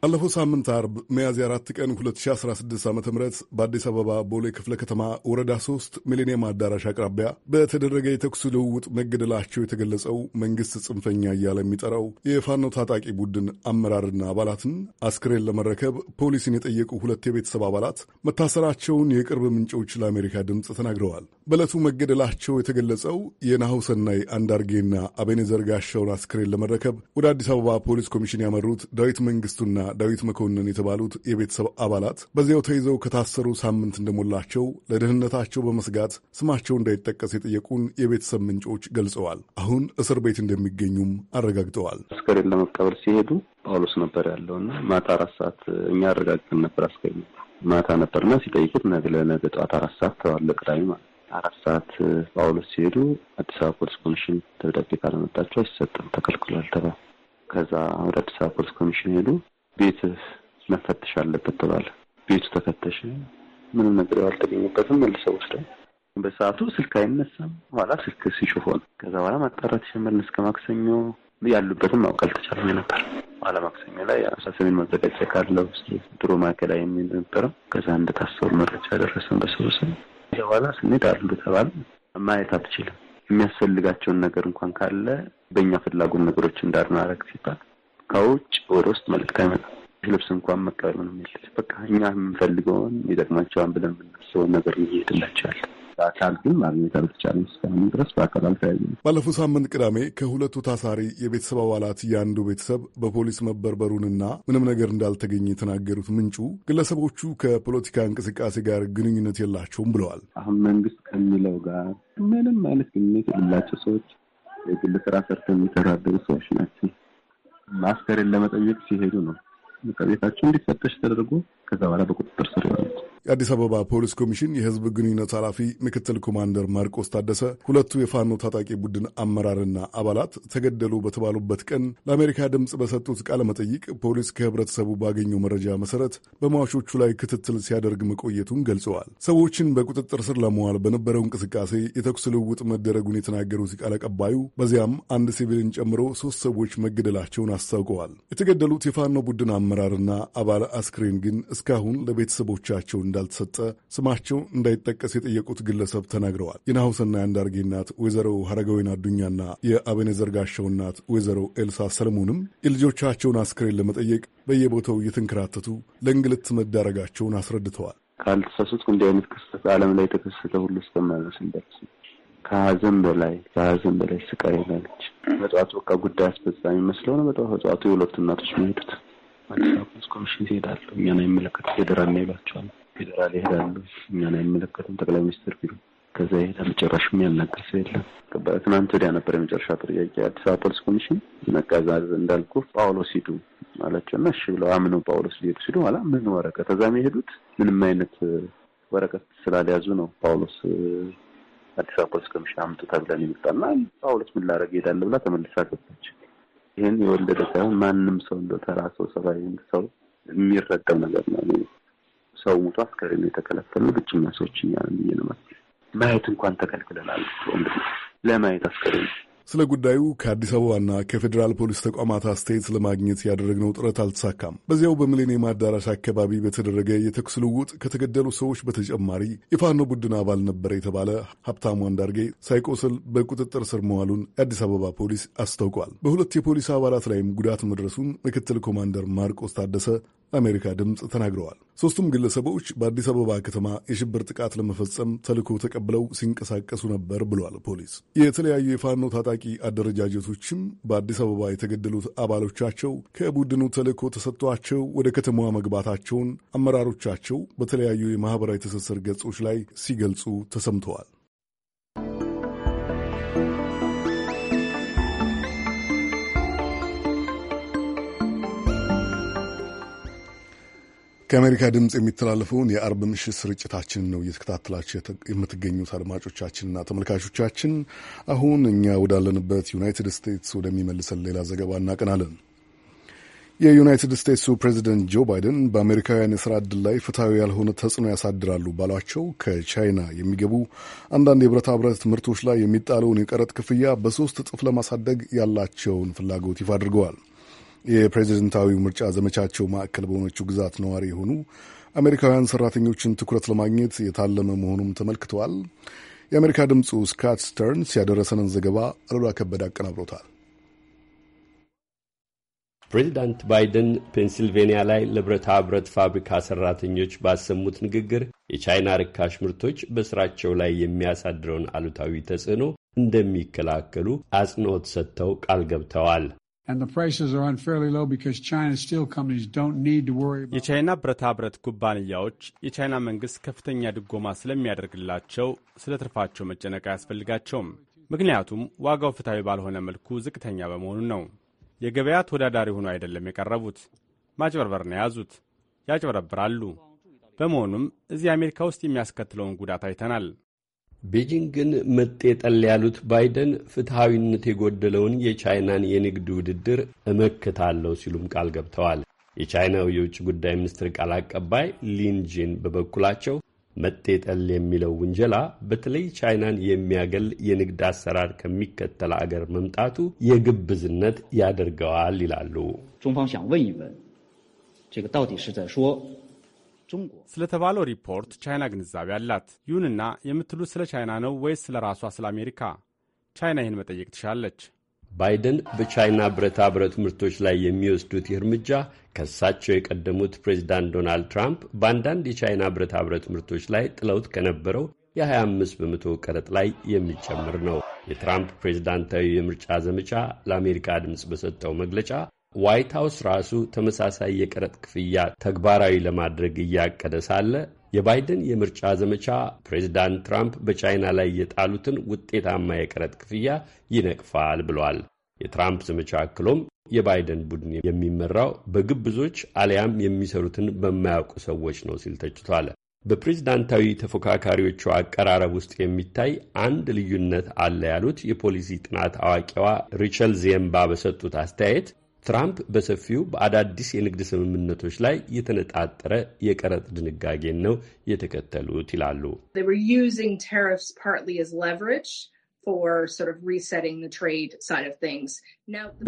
ባለፈው ሳምንት አርብ ሚያዝያ 4 ቀን 2016 ዓ ም በአዲስ አበባ ቦሌ ክፍለ ከተማ ወረዳ 3 ሚሊኒየም አዳራሽ አቅራቢያ በተደረገ የተኩስ ልውውጥ መገደላቸው የተገለጸው መንግሥት ጽንፈኛ እያለ የሚጠራው የፋኖ ታጣቂ ቡድን አመራርና አባላትን አስክሬን ለመረከብ ፖሊስን የጠየቁ ሁለት የቤተሰብ አባላት መታሰራቸውን የቅርብ ምንጮች ለአሜሪካ ድምፅ ተናግረዋል። በዕለቱ መገደላቸው የተገለጸው የናሁሰናይ አንዳርጌና አቤኔዘር ጋሻውን አስክሬን ለመረከብ ወደ አዲስ አበባ ፖሊስ ኮሚሽን ያመሩት ዳዊት መንግስቱና ዳዊት መኮንን የተባሉት የቤተሰብ አባላት በዚያው ተይዘው ከታሰሩ ሳምንት እንደሞላቸው ለደህንነታቸው በመስጋት ስማቸው እንዳይጠቀስ የጠየቁን የቤተሰብ ምንጮች ገልጸዋል። አሁን እስር ቤት እንደሚገኙም አረጋግጠዋል። አስከሬን ለመቀበል ሲሄዱ ጳውሎስ ነበር ያለውና ማታ አራት ሰዓት እኛ አረጋግጠን ነበር። አስከሬን ማታ ነበርና ሲጠይቁት ነገ ለነገ ጠዋት አራት ሰዓት ተዋለ ቅዳሜ ማለት አራት ሰዓት ጳውሎስ ሲሄዱ አዲስ አበባ ፖሊስ ኮሚሽን ደብዳቤ ካለመጣቸው አይሰጥም ተከልክሏል ተባለ። ከዛ ወደ አዲስ አበባ ፖሊስ ኮሚሽን ሄዱ። ቤት መፈተሽ አለበት ተባለ። ቤቱ ተፈተሸ። ምንም ነገር አልተገኘበትም። መልሰው ወስደው በሰዓቱ ስልክ አይነሳም። ኋላ ስልክ ሲሾፍ ሆነ። ከዛ በኋላ ማጣራት ጀመርን። እስከ ማክሰኞ ያሉበትም ማወቅ አልተቻለም ነበር። ኋላ ማክሰኞ ላይ ሰሜን መዘጋጃ ካለው ድሮ ማዕከላዊ የሚል ነበረው። ከዛ እንደታሰሩ መረጃ ደረሰን። በሰውሰን በኋላ ስንሄድ አሉ ተባለ። ማየት አትችልም። የሚያስፈልጋቸውን ነገር እንኳን ካለ በእኛ ፍላጎት ነገሮች እንዳድናረግ ሲባል ከውጭ ወደ ውስጥ መልክት አይመጣም። ልብስ እንኳን መቀበል ምንም የለች። በቃ እኛ የምንፈልገውን ይጠቅማቸዋን ብለን የምናስበውን ነገር ይሄድላቸዋል። በአካል ግን ማግኘት አልተቻለም። እስካሁን ድረስ በአካል ባለፈው ሳምንት ቅዳሜ ከሁለቱ ታሳሪ የቤተሰብ አባላት የአንዱ ቤተሰብ በፖሊስ መበርበሩንና ምንም ነገር እንዳልተገኘ የተናገሩት ምንጩ ግለሰቦቹ ከፖለቲካ እንቅስቃሴ ጋር ግንኙነት የላቸውም ብለዋል። አሁን መንግስት ከሚለው ጋር ምንም አይነት ግንኙነት የሌላቸው ሰዎች የግል ስራ ሰርተው የሚተዳደሩ ሰዎች ናቸው። አስከሬን ለመጠየቅ ሲሄዱ ነው። በቃ እንዲፈተሽ ተደርጎ ከዛ በኋላ በቁጥጥር ስር ይሆናል። የአዲስ አበባ ፖሊስ ኮሚሽን የህዝብ ግንኙነት ኃላፊ ምክትል ኮማንደር ማርቆስ ታደሰ ሁለቱ የፋኖ ታጣቂ ቡድን አመራርና አባላት ተገደሉ በተባሉበት ቀን ለአሜሪካ ድምፅ በሰጡት ቃለ መጠይቅ ፖሊስ ከህብረተሰቡ ባገኘው መረጃ መሰረት በሟቾቹ ላይ ክትትል ሲያደርግ መቆየቱን ገልጸዋል። ሰዎችን በቁጥጥር ስር ለመዋል በነበረው እንቅስቃሴ የተኩስ ልውውጥ መደረጉን የተናገሩት ቃል አቀባዩ በዚያም አንድ ሲቪልን ጨምሮ ሶስት ሰዎች መገደላቸውን አስታውቀዋል። የተገደሉት የፋኖ ቡድን አመራርና አባል አስክሬን ግን እስካሁን ለቤተሰቦቻቸው እንዳልተሰጠ ስማቸው እንዳይጠቀስ የጠየቁት ግለሰብ ተናግረዋል። የናሁሰናይ አንዳርጌ እናት ወይዘሮ ሀረገወይን አዱኛና የአቤኔዘር ጋሻው እናት ወይዘሮ ኤልሳ ሰለሞንም የልጆቻቸውን አስክሬን ለመጠየቅ በየቦታው እየተንከራተቱ ለእንግልት መዳረጋቸውን አስረድተዋል። ካልተሳሳትኩ እንዲህ አይነት ክስተት ዓለም ላይ የተከሰተ ሁሉ እስከማመስል ደርስ ከሀዘን በላይ ከሀዘን በላይ ስቃይ ላለች መጽዋቱ በቃ ጉዳይ አስፈጻሚ መስለው ነው መጽዋቱ የሁለቱ እናቶች መሄዱት አዲስ አበባ ኮሚሽን ይሄዳሉ። እኛን አይመለከትም። ፌዴራል ነው ይሏቸዋል። ፌዴራል ይሄዳሉ። እኛን አይመለከትም። ጠቅላይ ሚኒስትር ቢሮ ከዛ ይሄዳ መጨረሻም የሚያናገር ሰው የለም። በትናንት ወዲያ ነበር የመጨረሻ ጥያቄ አዲስ አበባ ፖሊስ ኮሚሽን መቀዛዝ እንዳልኩ ጳውሎስ ሂዱ አላቸው እና እሺ ብለው አምነው ጳውሎስ ሊሄዱ ሲሉ ኋላ ምን ወረቀት እዛ የሄዱት ምንም አይነት ወረቀት ስላልያዙ ነው። ጳውሎስ አዲስ አበባ ፖሊስ ኮሚሽን አምጡ ተብለን ይመጣና ጳውሎስ ምን ላደርግ ይሄዳል ብላ ተመልሳ ገባች። ይህን የወለደ ሳይሆን ማንም ሰው እንደ ተራ ሰው ሰብአዊ ሰው የሚረዳው ነገር ነው። ሰው ሙቶ አስከሬን የተከለከሉ ብቸኛ ሰዎች እኛ ነው ማየት እንኳን ተከልክለናል። ወንድ ለማየት አስከሬን ስለ ጉዳዩ ከአዲስ አበባና ከፌዴራል ፖሊስ ተቋማት አስተያየት ለማግኘት ያደረግነው ጥረት አልተሳካም። በዚያው በሚሌኒየም አዳራሽ አካባቢ በተደረገ የተኩስ ልውውጥ ከተገደሉ ሰዎች በተጨማሪ የፋኖ ቡድን አባል ነበር የተባለ ሀብታሙ አንዳርጌ ሳይቆስል በቁጥጥር ስር መዋሉን የአዲስ አበባ ፖሊስ አስታውቋል። በሁለት የፖሊስ አባላት ላይም ጉዳት መድረሱን ምክትል ኮማንደር ማርቆስ ታደሰ ለአሜሪካ ድምፅ ተናግረዋል። ሦስቱም ግለሰቦች በአዲስ አበባ ከተማ የሽብር ጥቃት ለመፈጸም ተልዕኮ ተቀብለው ሲንቀሳቀሱ ነበር ብሏል ፖሊስ። የተለያዩ የፋኖ ታጣቂ አደረጃጀቶችም በአዲስ አበባ የተገደሉት አባሎቻቸው ከቡድኑ ተልዕኮ ተሰጥቷቸው ወደ ከተማዋ መግባታቸውን አመራሮቻቸው በተለያዩ የማኅበራዊ ትስስር ገጾች ላይ ሲገልጹ ተሰምተዋል። ከአሜሪካ ድምፅ የሚተላለፈውን የአርብ ምሽት ስርጭታችንን ነው እየተከታተላችሁ የምትገኙት አድማጮቻችንና ተመልካቾቻችን። አሁን እኛ ወዳለንበት ዩናይትድ ስቴትስ ወደሚመልሰን ሌላ ዘገባ እናቀናለን። የዩናይትድ ስቴትሱ ፕሬዚደንት ጆ ባይደን በአሜሪካውያን የስራ ዕድል ላይ ፍትሐዊ ያልሆነ ተጽዕኖ ያሳድራሉ ባሏቸው ከቻይና የሚገቡ አንዳንድ የብረታ ብረት ምርቶች ላይ የሚጣለውን የቀረጥ ክፍያ በሶስት እጥፍ ለማሳደግ ያላቸውን ፍላጎት ይፋ አድርገዋል። የፕሬዚደንታዊ ምርጫ ዘመቻቸው ማዕከል በሆነችው ግዛት ነዋሪ የሆኑ አሜሪካውያን ሰራተኞችን ትኩረት ለማግኘት የታለመ መሆኑም ተመልክተዋል። የአሜሪካ ድምፁ ስካት ስተርንስ ያደረሰንን ዘገባ አሉላ ከበደ አቀናብሮታል። ፕሬዚዳንት ባይደን ፔንሲልቬንያ ላይ ለብረታ ብረት ፋብሪካ ሰራተኞች ባሰሙት ንግግር የቻይና ርካሽ ምርቶች በስራቸው ላይ የሚያሳድረውን አሉታዊ ተጽዕኖ እንደሚከላከሉ አጽንኦት ሰጥተው ቃል ገብተዋል። የቻይና ብረታ ብረት ኩባንያዎች የቻይና መንግሥት ከፍተኛ ድጎማ ስለሚያደርግላቸው ስለ ትርፋቸው መጨነቅ አያስፈልጋቸውም። ምክንያቱም ዋጋው ፍትሐዊ ባልሆነ መልኩ ዝቅተኛ በመሆኑ ነው። የገበያ ተወዳዳሪ ሆኖ አይደለም የቀረቡት። ማጭበርበር ነው የያዙት። ያጭበረብራሉ። በመሆኑም እዚህ አሜሪካ ውስጥ የሚያስከትለውን ጉዳት አይተናል። ቤጂንግን መጤጠል ያሉት ባይደን ፍትሐዊነት የጎደለውን የቻይናን የንግድ ውድድር እመክታለሁ ሲሉም ቃል ገብተዋል። የቻይናው የውጭ ጉዳይ ሚኒስትር ቃል አቀባይ ሊንጂን በበኩላቸው መጤጠል የሚለው ውንጀላ በተለይ ቻይናን የሚያገል የንግድ አሰራር ከሚከተል አገር መምጣቱ የግብዝነት ያደርገዋል ይላሉ። ስለተባለው ሪፖርት ቻይና ግንዛቤ አላት። ይሁንና የምትሉት ስለ ቻይና ነው ወይስ ስለ ራሷ ስለ አሜሪካ? ቻይና ይህን መጠየቅ ትሻለች። ባይደን በቻይና ብረታ ብረት ምርቶች ላይ የሚወስዱት ይህ እርምጃ ከእሳቸው የቀደሙት ፕሬዚዳንት ዶናልድ ትራምፕ በአንዳንድ የቻይና ብረታ ብረት ምርቶች ላይ ጥለውት ከነበረው የ25 በመቶ ቀረጥ ላይ የሚጨምር ነው። የትራምፕ ፕሬዚዳንታዊ የምርጫ ዘመቻ ለአሜሪካ ድምፅ በሰጠው መግለጫ ዋይት ሀውስ ራሱ ተመሳሳይ የቀረጥ ክፍያ ተግባራዊ ለማድረግ እያቀደ ሳለ የባይደን የምርጫ ዘመቻ ፕሬዚዳንት ትራምፕ በቻይና ላይ የጣሉትን ውጤታማ የቀረጥ ክፍያ ይነቅፋል ብሏል። የትራምፕ ዘመቻ አክሎም የባይደን ቡድን የሚመራው በግብዞች አሊያም የሚሰሩትን በማያውቁ ሰዎች ነው ሲል ተችቷል። በፕሬዝዳንታዊ ተፎካካሪዎቹ አቀራረብ ውስጥ የሚታይ አንድ ልዩነት አለ ያሉት የፖሊሲ ጥናት አዋቂዋ ሪቸል ዜምባ በሰጡት አስተያየት ትራምፕ በሰፊው በአዳዲስ የንግድ ስምምነቶች ላይ የተነጣጠረ የቀረጥ ድንጋጌን ነው የተከተሉት ይላሉ።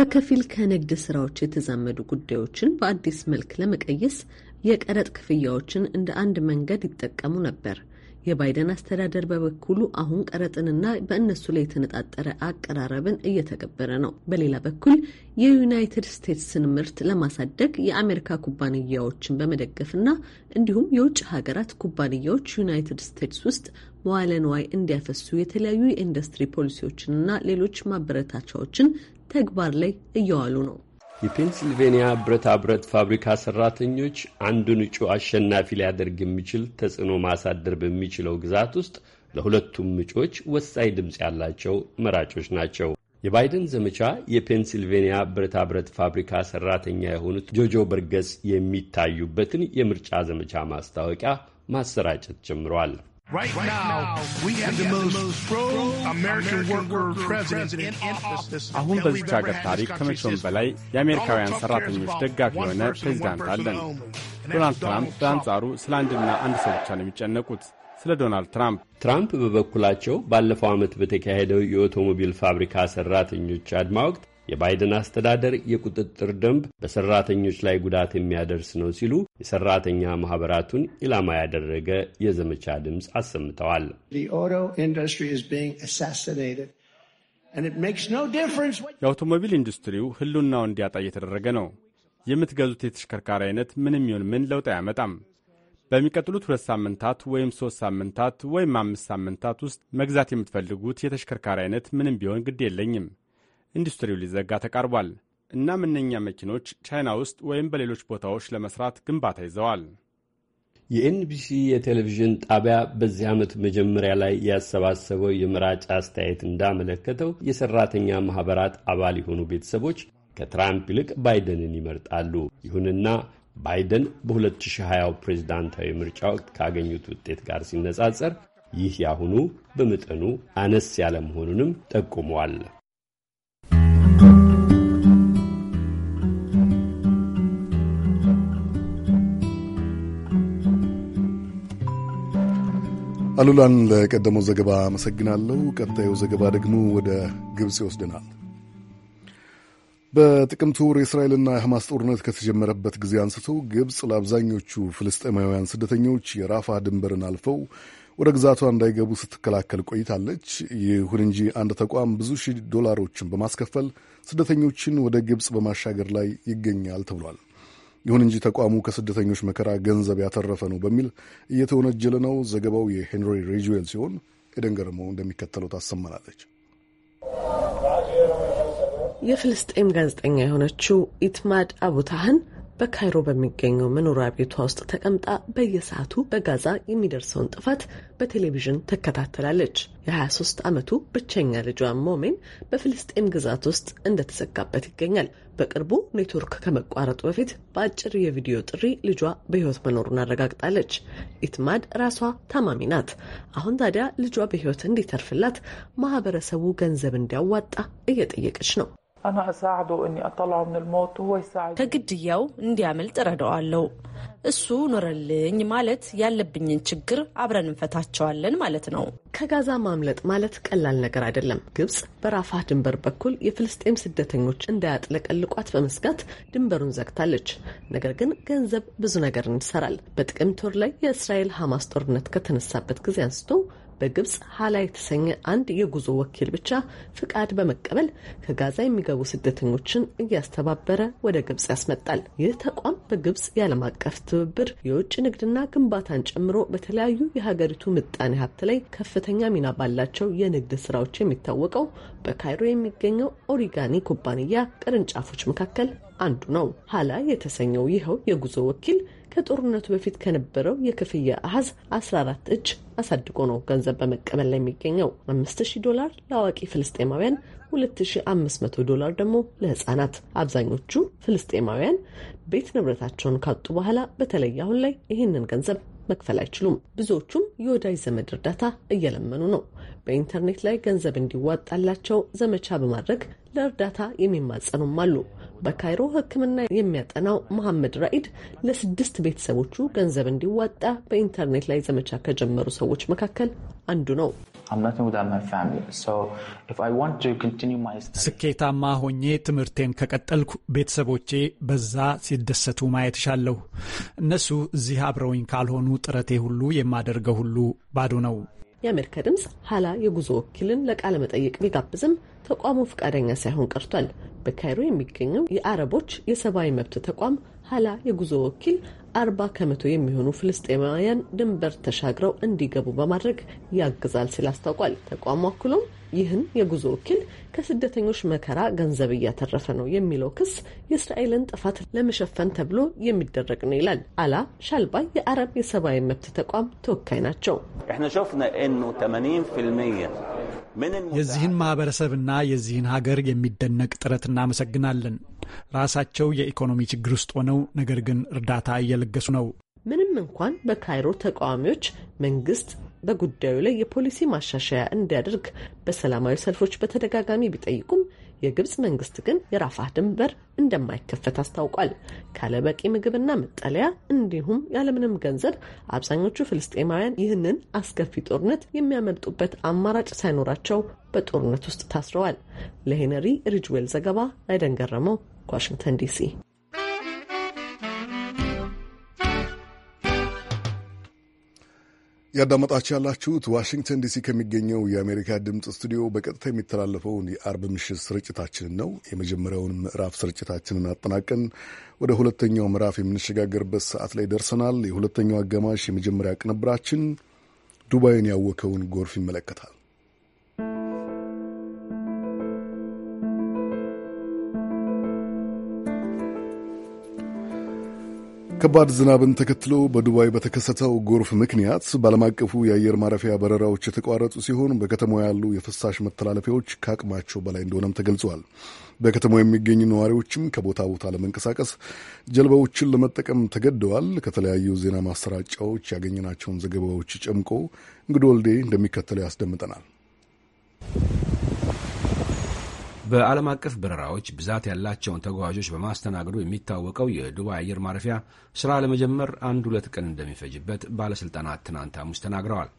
በከፊል ከንግድ ስራዎች የተዛመዱ ጉዳዮችን በአዲስ መልክ ለመቀየስ የቀረጥ ክፍያዎችን እንደ አንድ መንገድ ይጠቀሙ ነበር። የባይደን አስተዳደር በበኩሉ አሁን ቀረጥንና በእነሱ ላይ የተነጣጠረ አቀራረብን እየተገበረ ነው። በሌላ በኩል የዩናይትድ ስቴትስን ምርት ለማሳደግ የአሜሪካ ኩባንያዎችን በመደገፍና እንዲሁም የውጭ ሀገራት ኩባንያዎች ዩናይትድ ስቴትስ ውስጥ መዋለ ንዋይ እንዲያፈሱ የተለያዩ የኢንዱስትሪ ፖሊሲዎችንና ሌሎች ማበረታቻዎችን ተግባር ላይ እየዋሉ ነው። የፔንሲልቬንያ ብረታ ብረት ፋብሪካ ሰራተኞች አንዱን እጩ አሸናፊ ሊያደርግ የሚችል ተጽዕኖ ማሳደር በሚችለው ግዛት ውስጥ ለሁለቱም እጩዎች ወሳኝ ድምፅ ያላቸው መራጮች ናቸው። የባይደን ዘመቻ የፔንሲልቬንያ ብረታ ብረት ፋብሪካ ሰራተኛ የሆኑት ጆጆ በርገስ የሚታዩበትን የምርጫ ዘመቻ ማስታወቂያ ማሰራጨት ጀምረዋል። Right, right now, we have the most pro-American worker president in office. አሁን በዚች ሀገር ታሪክ ከመቼውም በላይ የአሜሪካውያን ሠራተኞች ደጋፊ የሆነ ፕሬዚዳንት አለን። ዶናልድ ትራምፕ በአንጻሩ ስለ አንድና አንድ ሰው ብቻ ነው የሚጨነቁት፣ ስለ ዶናልድ ትራምፕ። ትራምፕ በበኩላቸው ባለፈው ዓመት በተካሄደው የኦቶሞቢል ፋብሪካ ሠራተኞች አድማ ወቅት የባይደን አስተዳደር የቁጥጥር ደንብ በሰራተኞች ላይ ጉዳት የሚያደርስ ነው ሲሉ የሰራተኛ ማህበራቱን ኢላማ ያደረገ የዘመቻ ድምፅ አሰምተዋል። የአውቶሞቢል ኢንዱስትሪው ህልውናው እንዲያጣ እየተደረገ ነው። የምትገዙት የተሽከርካሪ አይነት ምንም ይሁን ምን ለውጥ አያመጣም። በሚቀጥሉት ሁለት ሳምንታት ወይም ሶስት ሳምንታት ወይም አምስት ሳምንታት ውስጥ መግዛት የምትፈልጉት የተሽከርካሪ አይነት ምንም ቢሆን ግድ የለኝም ኢንዱስትሪው ሊዘጋ ተቃርቧል። እናም እነኛ መኪኖች ቻይና ውስጥ ወይም በሌሎች ቦታዎች ለመስራት ግንባታ ይዘዋል። የኤንቢሲ የቴሌቪዥን ጣቢያ በዚህ ዓመት መጀመሪያ ላይ ያሰባሰበው የመራጭ አስተያየት እንዳመለከተው የሰራተኛ ማኅበራት አባል የሆኑ ቤተሰቦች ከትራምፕ ይልቅ ባይደንን ይመርጣሉ። ይሁንና ባይደን በ2020 ፕሬዝዳንታዊ ምርጫ ወቅት ካገኙት ውጤት ጋር ሲነጻጸር ይህ ያሁኑ በመጠኑ አነስ ያለ መሆኑንም ጠቁመዋል። አሉላን ለቀደመው ዘገባ አመሰግናለሁ። ቀጣዩ ዘገባ ደግሞ ወደ ግብፅ ይወስደናል። በጥቅምት ወር የእስራኤልና የሐማስ ጦርነት ከተጀመረበት ጊዜ አንስቶ ግብፅ ለአብዛኞቹ ፍልስጤማውያን ስደተኞች የራፋ ድንበርን አልፈው ወደ ግዛቷ እንዳይገቡ ስትከላከል ቆይታለች። ይሁን እንጂ አንድ ተቋም ብዙ ሺህ ዶላሮችን በማስከፈል ስደተኞችን ወደ ግብፅ በማሻገር ላይ ይገኛል ተብሏል። ይሁን እንጂ ተቋሙ ከስደተኞች መከራ ገንዘብ ያተረፈ ነው በሚል እየተወነጀለ ነው። ዘገባው የሄንሪ ሬጅዌል ሲሆን ኤደን ገረመው እንደሚከተለው ታሰማናለች። የፍልስጤም ጋዜጠኛ የሆነችው ኢትማድ አቡታህን በካይሮ በሚገኘው መኖሪያ ቤቷ ውስጥ ተቀምጣ በየሰዓቱ በጋዛ የሚደርሰውን ጥፋት በቴሌቪዥን ትከታተላለች። የ23 ዓመቱ ብቸኛ ልጇ ሞሜን በፍልስጤም ግዛት ውስጥ እንደተዘጋበት ይገኛል። በቅርቡ ኔትወርክ ከመቋረጡ በፊት በአጭር የቪዲዮ ጥሪ ልጇ በሕይወት መኖሩን አረጋግጣለች። ኢትማድ ራሷ ታማሚ ናት። አሁን ታዲያ ልጇ በሕይወት እንዲተርፍላት ማህበረሰቡ ገንዘብ እንዲያዋጣ እየጠየቀች ነው። ከግድያው እንዲያመልጥ እረዳዋለሁ። እሱ ኖረልኝ ማለት ያለብኝን ችግር አብረን እንፈታቸዋለን ማለት ነው። ከጋዛ ማምለጥ ማለት ቀላል ነገር አይደለም። ግብጽ በራፋ ድንበር በኩል የፍልስጤም ስደተኞች እንዳያጥለቀልቋት በመስጋት ድንበሩን ዘግታለች። ነገር ግን ገንዘብ ብዙ ነገርን ይሰራል። በጥቅምት ወር ላይ የእስራኤል ሐማስ ጦርነት ከተነሳበት ጊዜ አንስቶ በግብጽ ሀላ የተሰኘ አንድ የጉዞ ወኪል ብቻ ፍቃድ በመቀበል ከጋዛ የሚገቡ ስደተኞችን እያስተባበረ ወደ ግብጽ ያስመጣል። ይህ ተቋም በግብጽ የዓለም አቀፍ ትብብር የውጭ ንግድና ግንባታን ጨምሮ በተለያዩ የሀገሪቱ ምጣኔ ሀብት ላይ ከፍተኛ ሚና ባላቸው የንግድ ስራዎች የሚታወቀው በካይሮ የሚገኘው ኦሪጋኒ ኩባንያ ቅርንጫፎች መካከል አንዱ ነው። ሀላ የተሰኘው ይኸው የጉዞ ወኪል ከጦርነቱ በፊት ከነበረው የክፍያ አሀዝ 14 እጅ አሳድጎ ነው ገንዘብ በመቀበል ላይ የሚገኘው። 5000 ዶላር ለአዋቂ ፍልስጤማውያን፣ 2500 ዶላር ደግሞ ለህፃናት። አብዛኞቹ ፍልስጤማውያን ቤት ንብረታቸውን ካጡ በኋላ በተለይ አሁን ላይ ይህንን ገንዘብ መክፈል አይችሉም። ብዙዎቹም የወዳጅ ዘመድ እርዳታ እየለመኑ ነው። በኢንተርኔት ላይ ገንዘብ እንዲዋጣላቸው ዘመቻ በማድረግ ለእርዳታ የሚማጸኑም አሉ። በካይሮ ሕክምና የሚያጠናው መሐመድ ራኢድ ለስድስት ቤተሰቦቹ ገንዘብ እንዲዋጣ በኢንተርኔት ላይ ዘመቻ ከጀመሩ ሰዎች መካከል አንዱ ነው። ስኬታማ ሆኜ ትምህርቴን ከቀጠልኩ ቤተሰቦቼ በዛ ሲደሰቱ ማየት ሻለሁ። እነሱ እዚህ አብረውኝ ካልሆኑ ጥረቴ ሁሉ የማደርገው ሁሉ ባዶ ነው። የአሜሪካ ድምፅ ሀላ የጉዞ ወኪልን ለቃለ ቢጋብዝም ተቋሙ ፈቃደኛ ሳይሆን ቀርቷል። በካይሮ የሚገኘው የአረቦች የሰብአዊ መብት ተቋም ሀላ የጉዞ ወኪል አርባ ከመቶ የሚሆኑ ፍልስጤማውያን ድንበር ተሻግረው እንዲገቡ በማድረግ ያግዛል ሲል አስታውቋል። ተቋሙ አክሎም ይህን የጉዞ ወኪል ከስደተኞች መከራ ገንዘብ እያተረፈ ነው የሚለው ክስ የእስራኤልን ጥፋት ለመሸፈን ተብሎ የሚደረግ ነው ይላል። አላ ሻልባ የአረብ የሰብአዊ መብት ተቋም ተወካይ ናቸው። የዚህን ማህበረሰብና የዚህን ሀገር የሚደነቅ ጥረት እናመሰግናለን። ራሳቸው የኢኮኖሚ ችግር ውስጥ ሆነው ነገር ግን እርዳታ እየለገሱ ነው። ምንም እንኳን በካይሮ ተቃዋሚዎች መንግስት በጉዳዩ ላይ የፖሊሲ ማሻሻያ እንዲያደርግ በሰላማዊ ሰልፎች በተደጋጋሚ ቢጠይቁም የግብፅ መንግስት ግን የራፋህ ድንበር እንደማይከፈት አስታውቋል። ካለበቂ ምግብና መጠለያ እንዲሁም ያለምንም ገንዘብ አብዛኞቹ ፍልስጤማውያን ይህንን አስከፊ ጦርነት የሚያመልጡበት አማራጭ ሳይኖራቸው በጦርነት ውስጥ ታስረዋል። ለሄነሪ ሪጅዌል ዘገባ አይደን ገረመው ከዋሽንግተን ዲሲ ያዳመጣችሁ ያላችሁት ዋሽንግተን ዲሲ ከሚገኘው የአሜሪካ ድምፅ ስቱዲዮ በቀጥታ የሚተላለፈውን የአርብ ምሽት ስርጭታችንን ነው። የመጀመሪያውን ምዕራፍ ስርጭታችንን አጠናቀን ወደ ሁለተኛው ምዕራፍ የምንሸጋገርበት ሰዓት ላይ ደርሰናል። የሁለተኛው አጋማሽ የመጀመሪያ ቅንብራችን ዱባይን ያወከውን ጎርፍ ይመለከታል። ከባድ ዝናብን ተከትሎ በዱባይ በተከሰተው ጎርፍ ምክንያት በዓለም አቀፉ የአየር ማረፊያ በረራዎች የተቋረጡ ሲሆን በከተማው ያሉ የፍሳሽ መተላለፊያዎች ከአቅማቸው በላይ እንደሆነም ተገልጸዋል። በከተማው የሚገኙ ነዋሪዎችም ከቦታ ቦታ ለመንቀሳቀስ ጀልባዎችን ለመጠቀም ተገደዋል። ከተለያዩ ዜና ማሰራጫዎች ያገኘናቸውን ዘገባዎች ጨምቆ እንግዶ ወልዴ እንደሚከተለው ያስደምጠናል። በዓለም አቀፍ በረራዎች ብዛት ያላቸውን ተጓዦች በማስተናገዱ የሚታወቀው የዱባይ አየር ማረፊያ ሥራ ለመጀመር አንድ ሁለት ቀን እንደሚፈጅበት ባለሥልጣናት ትናንት ሐሙስ ተናግረዋል።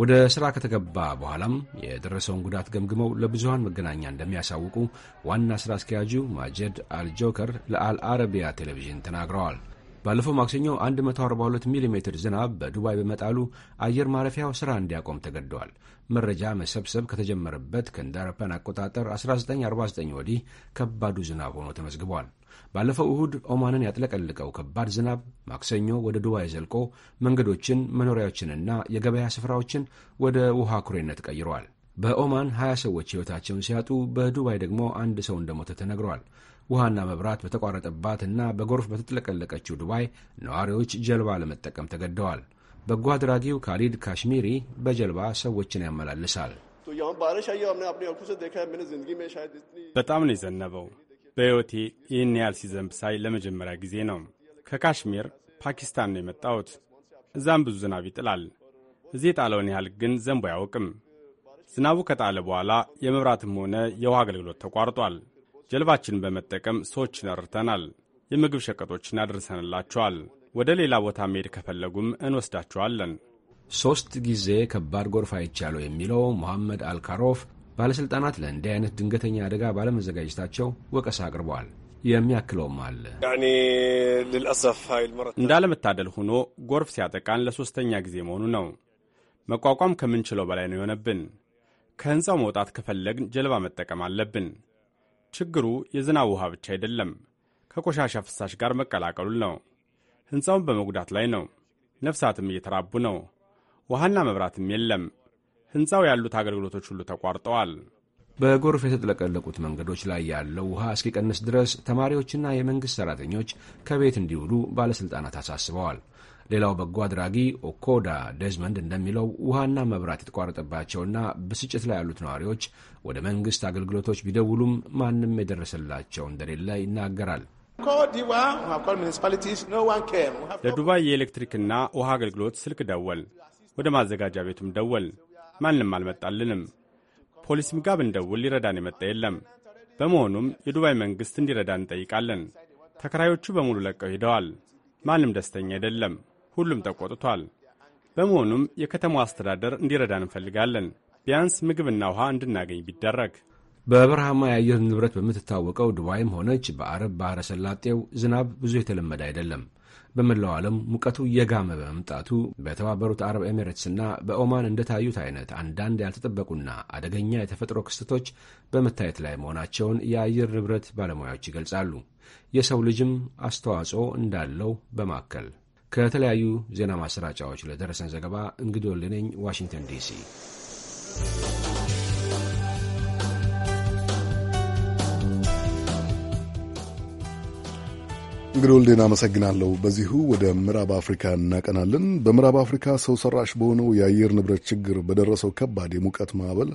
ወደ ሥራ ከተገባ በኋላም የደረሰውን ጉዳት ገምግመው ለብዙሃን መገናኛ እንደሚያሳውቁ ዋና ሥራ አስኪያጁ ማጀድ አልጆከር ለአልአረቢያ ቴሌቪዥን ተናግረዋል። ባለፈው ማክሰኞ 142 ሚሜ ዝናብ በዱባይ በመጣሉ አየር ማረፊያው ሥራ እንዲያቆም ተገደዋል። መረጃ መሰብሰብ ከተጀመረበት ከእንደ አውሮፓውያን አቆጣጠር 1949 ወዲህ ከባዱ ዝናብ ሆኖ ተመዝግቧል። ባለፈው እሁድ ኦማንን ያጥለቀልቀው ከባድ ዝናብ ማክሰኞ ወደ ዱባይ ዘልቆ መንገዶችን፣ መኖሪያዎችንና የገበያ ስፍራዎችን ወደ ውሃ ኩሬነት ቀይረዋል። በኦማን 20 ሰዎች ሕይወታቸውን ሲያጡ በዱባይ ደግሞ አንድ ሰው እንደሞተ ተነግሯል። ውሃና መብራት በተቋረጠባት እና በጎርፍ በተጥለቀለቀችው ዱባይ ነዋሪዎች ጀልባ ለመጠቀም ተገደዋል። በጎ አድራጊው ካሊድ ካሽሚሪ በጀልባ ሰዎችን ያመላልሳል። በጣም ነው የዘነበው። በሕይወቴ ይህን ያህል ሲዘንብ ሳይ ለመጀመሪያ ጊዜ ነው። ከካሽሚር ፓኪስታን ነው የመጣሁት። እዛም ብዙ ዝናብ ይጥላል። እዚህ የጣለውን ያህል ግን ዘንቦ አያውቅም። ዝናቡ ከጣለ በኋላ የመብራትም ሆነ የውሃ አገልግሎት ተቋርጧል። ጀልባችንን በመጠቀም ሰዎችን አርተናል። የምግብ ሸቀጦችን አድርሰንላቸዋል። ወደ ሌላ ቦታ መሄድ ከፈለጉም እንወስዳቸዋለን። ሦስት ጊዜ ከባድ ጎርፍ አይቻለው የሚለው መሐመድ አልካሮፍ ባለሥልጣናት ለእንዲህ አይነት ድንገተኛ አደጋ ባለመዘጋጀታቸው ወቀሳ አቅርበዋል። የሚያክለውም አለ። እንዳለመታደል ሆኖ ጎርፍ ሲያጠቃን ለሦስተኛ ጊዜ መሆኑ ነው። መቋቋም ከምንችለው በላይ ነው የሆነብን። ከሕንፃው መውጣት ከፈለግን ጀልባ መጠቀም አለብን። ችግሩ የዝናብ ውሃ ብቻ አይደለም፣ ከቆሻሻ ፍሳሽ ጋር መቀላቀሉ ነው። ሕንፃውን በመጉዳት ላይ ነው። ነፍሳትም እየተራቡ ነው። ውሃና መብራትም የለም። ሕንፃው ያሉት አገልግሎቶች ሁሉ ተቋርጠዋል። በጎርፍ የተጥለቀለቁት መንገዶች ላይ ያለው ውሃ እስኪቀንስ ድረስ ተማሪዎችና የመንግሥት ሠራተኞች ከቤት እንዲውሉ ባለሥልጣናት አሳስበዋል። ሌላው በጎ አድራጊ ኦኮዳ ደዝመንድ እንደሚለው ውሃና መብራት የተቋረጠባቸውና ብስጭት ላይ ያሉት ነዋሪዎች ወደ መንግስት አገልግሎቶች ቢደውሉም ማንም የደረሰላቸው እንደሌለ ይናገራል። ለዱባይ የኤሌክትሪክና ውሃ አገልግሎት ስልክ ደወል፣ ወደ ማዘጋጃ ቤቱም ደወል፣ ማንም አልመጣልንም። ፖሊስም ጋር ብንደውል ሊረዳን የመጣ የለም። በመሆኑም የዱባይ መንግሥት እንዲረዳ እንጠይቃለን። ተከራዮቹ በሙሉ ለቀው ሄደዋል። ማንም ደስተኛ አይደለም። ሁሉም ተቆጥቷል። በመሆኑም የከተማው አስተዳደር እንዲረዳ እንፈልጋለን። ቢያንስ ምግብና ውሃ እንድናገኝ ቢደረግ። በበረሃማ የአየር ንብረት በምትታወቀው ዱባይም ሆነች በአረብ ባሕረ ሰላጤው ዝናብ ብዙ የተለመደ አይደለም። በመላው ዓለም ሙቀቱ እየጋመ በመምጣቱ በተባበሩት አረብ ኤሚሬትስና በኦማን እንደታዩት አይነት አንዳንድ ያልተጠበቁና አደገኛ የተፈጥሮ ክስተቶች በመታየት ላይ መሆናቸውን የአየር ንብረት ባለሙያዎች ይገልጻሉ። የሰው ልጅም አስተዋጽኦ እንዳለው በማከል ከተለያዩ ዜና ማሰራጫዎች ለደረሰን ዘገባ እንግዶ ልነኝ ዋሽንግተን ዲሲ። እንግዲህ ወልዴን አመሰግናለሁ። በዚሁ ወደ ምዕራብ አፍሪካ እናቀናለን። በምዕራብ አፍሪካ ሰው ሰራሽ በሆነው የአየር ንብረት ችግር በደረሰው ከባድ የሙቀት ማዕበል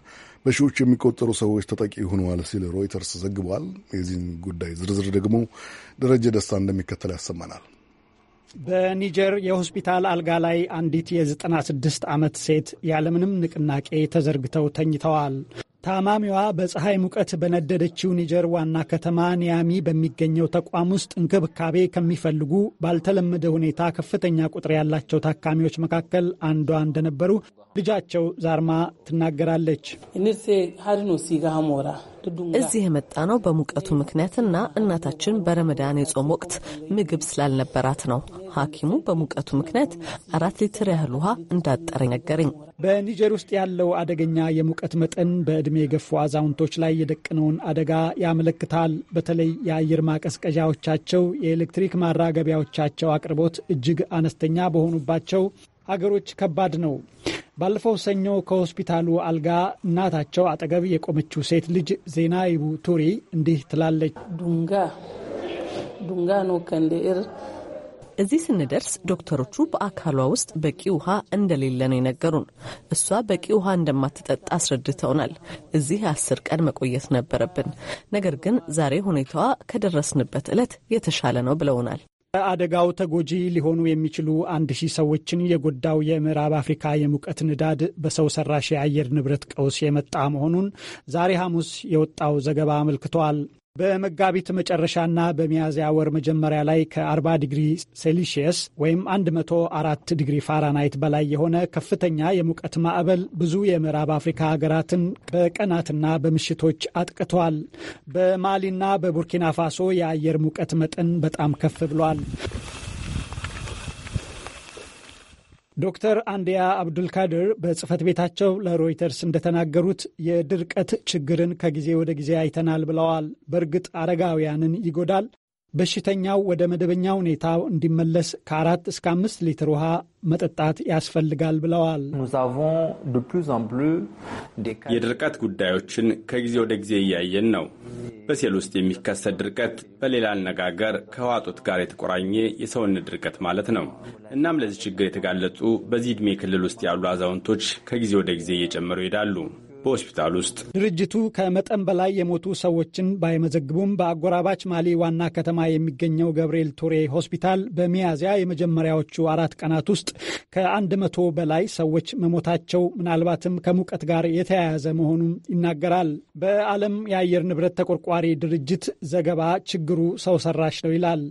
በሺዎች የሚቆጠሩ ሰዎች ተጠቂ ሆነዋል ሲል ሮይተርስ ዘግቧል። የዚህን ጉዳይ ዝርዝር ደግሞ ደረጀ ደስታ እንደሚከተል ያሰማናል። በኒጀር የሆስፒታል አልጋ ላይ አንዲት የ96 ዓመት ሴት ያለምንም ንቅናቄ ተዘርግተው ተኝተዋል። ታማሚዋ በፀሐይ ሙቀት በነደደችው ኒጀር ዋና ከተማ ኒያሚ በሚገኘው ተቋም ውስጥ እንክብካቤ ከሚፈልጉ ባልተለመደ ሁኔታ ከፍተኛ ቁጥር ያላቸው ታካሚዎች መካከል አንዷ እንደነበሩ ልጃቸው ዛርማ ትናገራለች። እዚህ የመጣ ነው በሙቀቱ ምክንያትና እናታችን በረመዳን የጾም ወቅት ምግብ ስላልነበራት ነው። ሐኪሙ በሙቀቱ ምክንያት አራት ሊትር ያህል ውሃ እንዳጠረ ነገረኝ። በኒጀር ውስጥ ያለው አደገኛ የሙቀት መጠን በዕድሜ የገፉ አዛውንቶች ላይ የደቀነውን አደጋ ያመለክታል። በተለይ የአየር ማቀዝቀዣዎቻቸው፣ የኤሌክትሪክ ማራገቢያዎቻቸው አቅርቦት እጅግ አነስተኛ በሆኑባቸው ሀገሮች ከባድ ነው። ባለፈው ሰኞ ከሆስፒታሉ አልጋ እናታቸው አጠገብ የቆመችው ሴት ልጅ ዜናይቡ ቱሪ እንዲህ ትላለች። ዱንጋ ዱንጋ ነው ከንዴር እዚህ ስንደርስ ዶክተሮቹ በአካሏ ውስጥ በቂ ውሃ እንደሌለ ነው የነገሩን። እሷ በቂ ውሃ እንደማትጠጣ አስረድተውናል። እዚህ አስር ቀን መቆየት ነበረብን። ነገር ግን ዛሬ ሁኔታዋ ከደረስንበት ዕለት የተሻለ ነው ብለውናል። በአደጋው ተጎጂ ሊሆኑ የሚችሉ አንድ ሺህ ሰዎችን የጎዳው የምዕራብ አፍሪካ የሙቀት ንዳድ በሰው ሰራሽ የአየር ንብረት ቀውስ የመጣ መሆኑን ዛሬ ሐሙስ የወጣው ዘገባ አመልክቷል። በመጋቢት መጨረሻና በሚያዝያ ወር መጀመሪያ ላይ ከ40 ዲግሪ ሴልሺየስ ወይም 104 ዲግሪ ፋራናይት በላይ የሆነ ከፍተኛ የሙቀት ማዕበል ብዙ የምዕራብ አፍሪካ ሀገራትን በቀናትና በምሽቶች አጥቅቷል። በማሊና በቡርኪና ፋሶ የአየር ሙቀት መጠን በጣም ከፍ ብሏል። ዶክተር አንዲያ አብዱልካድር በጽህፈት ቤታቸው ለሮይተርስ እንደተናገሩት የድርቀት ችግርን ከጊዜ ወደ ጊዜ አይተናል ብለዋል። በእርግጥ አረጋውያንን ይጎዳል፣ በሽተኛው ወደ መደበኛ ሁኔታ እንዲመለስ ከአራት እስከ አምስት ሊትር ውሃ መጠጣት ያስፈልጋል ብለዋል። የድርቀት ጉዳዮችን ከጊዜ ወደ ጊዜ እያየን ነው። በሴል ውስጥ የሚከሰት ድርቀት፣ በሌላ አነጋገር ከዋጦት ጋር የተቆራኘ የሰውነት ድርቀት ማለት ነው። እናም ለዚህ ችግር የተጋለጡ በዚህ ዕድሜ ክልል ውስጥ ያሉ አዛውንቶች ከጊዜ ወደ ጊዜ እየጨመሩ ይሄዳሉ። በሆስፒታል ውስጥ ድርጅቱ ከመጠን በላይ የሞቱ ሰዎችን ባይመዘግቡም በአጎራባች ማሊ ዋና ከተማ የሚገኘው ገብርኤል ቱሬ ሆስፒታል በሚያዝያ የመጀመሪያዎቹ አራት ቀናት ውስጥ ከአንድ መቶ በላይ ሰዎች መሞታቸው ምናልባትም ከሙቀት ጋር የተያያዘ መሆኑን ይናገራል። በዓለም የአየር ንብረት ተቆርቋሪ ድርጅት ዘገባ ችግሩ ሰው ሰራሽ ነው ይላል።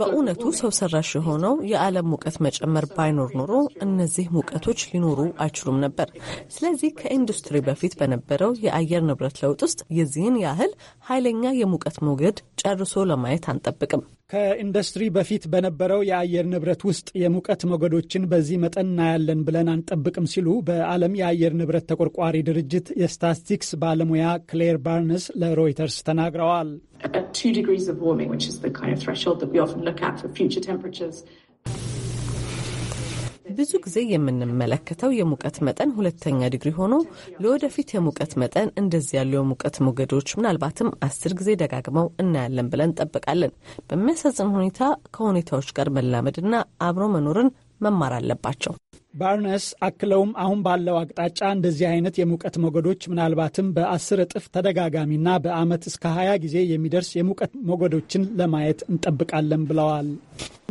በእውነቱ ሰው ሰራሽ የሆነው የዓለም ሙቀት መጨመር ባይኖር ኖሮ እነዚህ ሙቀቶች ሊኖሩ አይችሉም ነበር። ስለዚህ ከኢንዱስትሪ በፊት በነበረው የአየር ንብረት ለውጥ ውስጥ የዚህን ያህል ኃይለኛ የሙቀት ሞገድ ጨርሶ ለማየት አንጠብቅም። ከኢንዱስትሪ በፊት በነበረው የአየር ንብረት ውስጥ የሙቀት ሞገዶችን በዚህ መጠን እናያለን ብለን አንጠብቅም ሲሉ በዓለም የአየር ንብረት ተቆርቋሪ ድርጅት የስታቲስቲክስ ባለሙያ ክሌር ባርነስ ለሮይተርስ ተናግረዋል። ብዙ ጊዜ የምንመለከተው የሙቀት መጠን ሁለተኛ ዲግሪ ሆኖ ለወደፊት የሙቀት መጠን እንደዚህ ያሉ የሙቀት ሞገዶች ምናልባትም አስር ጊዜ ደጋግመው እናያለን ብለን እንጠብቃለን። በሚያሳዝን ሁኔታ ከሁኔታዎች ጋር መላመድና አብሮ መኖርን መማር አለባቸው። ባርነስ አክለውም አሁን ባለው አቅጣጫ እንደዚህ አይነት የሙቀት ሞገዶች ምናልባትም በአስር እጥፍ ተደጋጋሚና በአመት እስከ 20 ጊዜ የሚደርስ የሙቀት ሞገዶችን ለማየት እንጠብቃለን ብለዋል።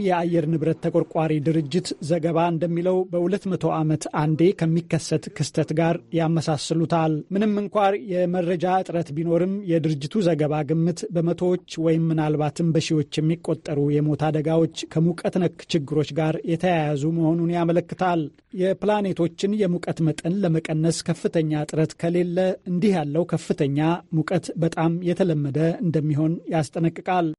የአየር ንብረት ተቆርቋሪ ድርጅት ዘገባ እንደሚለው በ200 ዓመት አንዴ ከሚከሰት ክስተት ጋር ያመሳስሉታል። ምንም እንኳር የመረጃ እጥረት ቢኖርም የድርጅቱ ዘገባ ግምት በመቶዎች ወይም ምናልባትም በሺዎች የሚቆጠሩ የሞት አደጋዎች ከሙቀት ነክ ችግሮች ጋር የተያያዙ መሆኑን ያመለክታል። ይሰጣል። የፕላኔቶችን የሙቀት መጠን ለመቀነስ ከፍተኛ ጥረት ከሌለ እንዲህ ያለው ከፍተኛ ሙቀት በጣም የተለመደ እንደሚሆን ያስጠነቅቃል።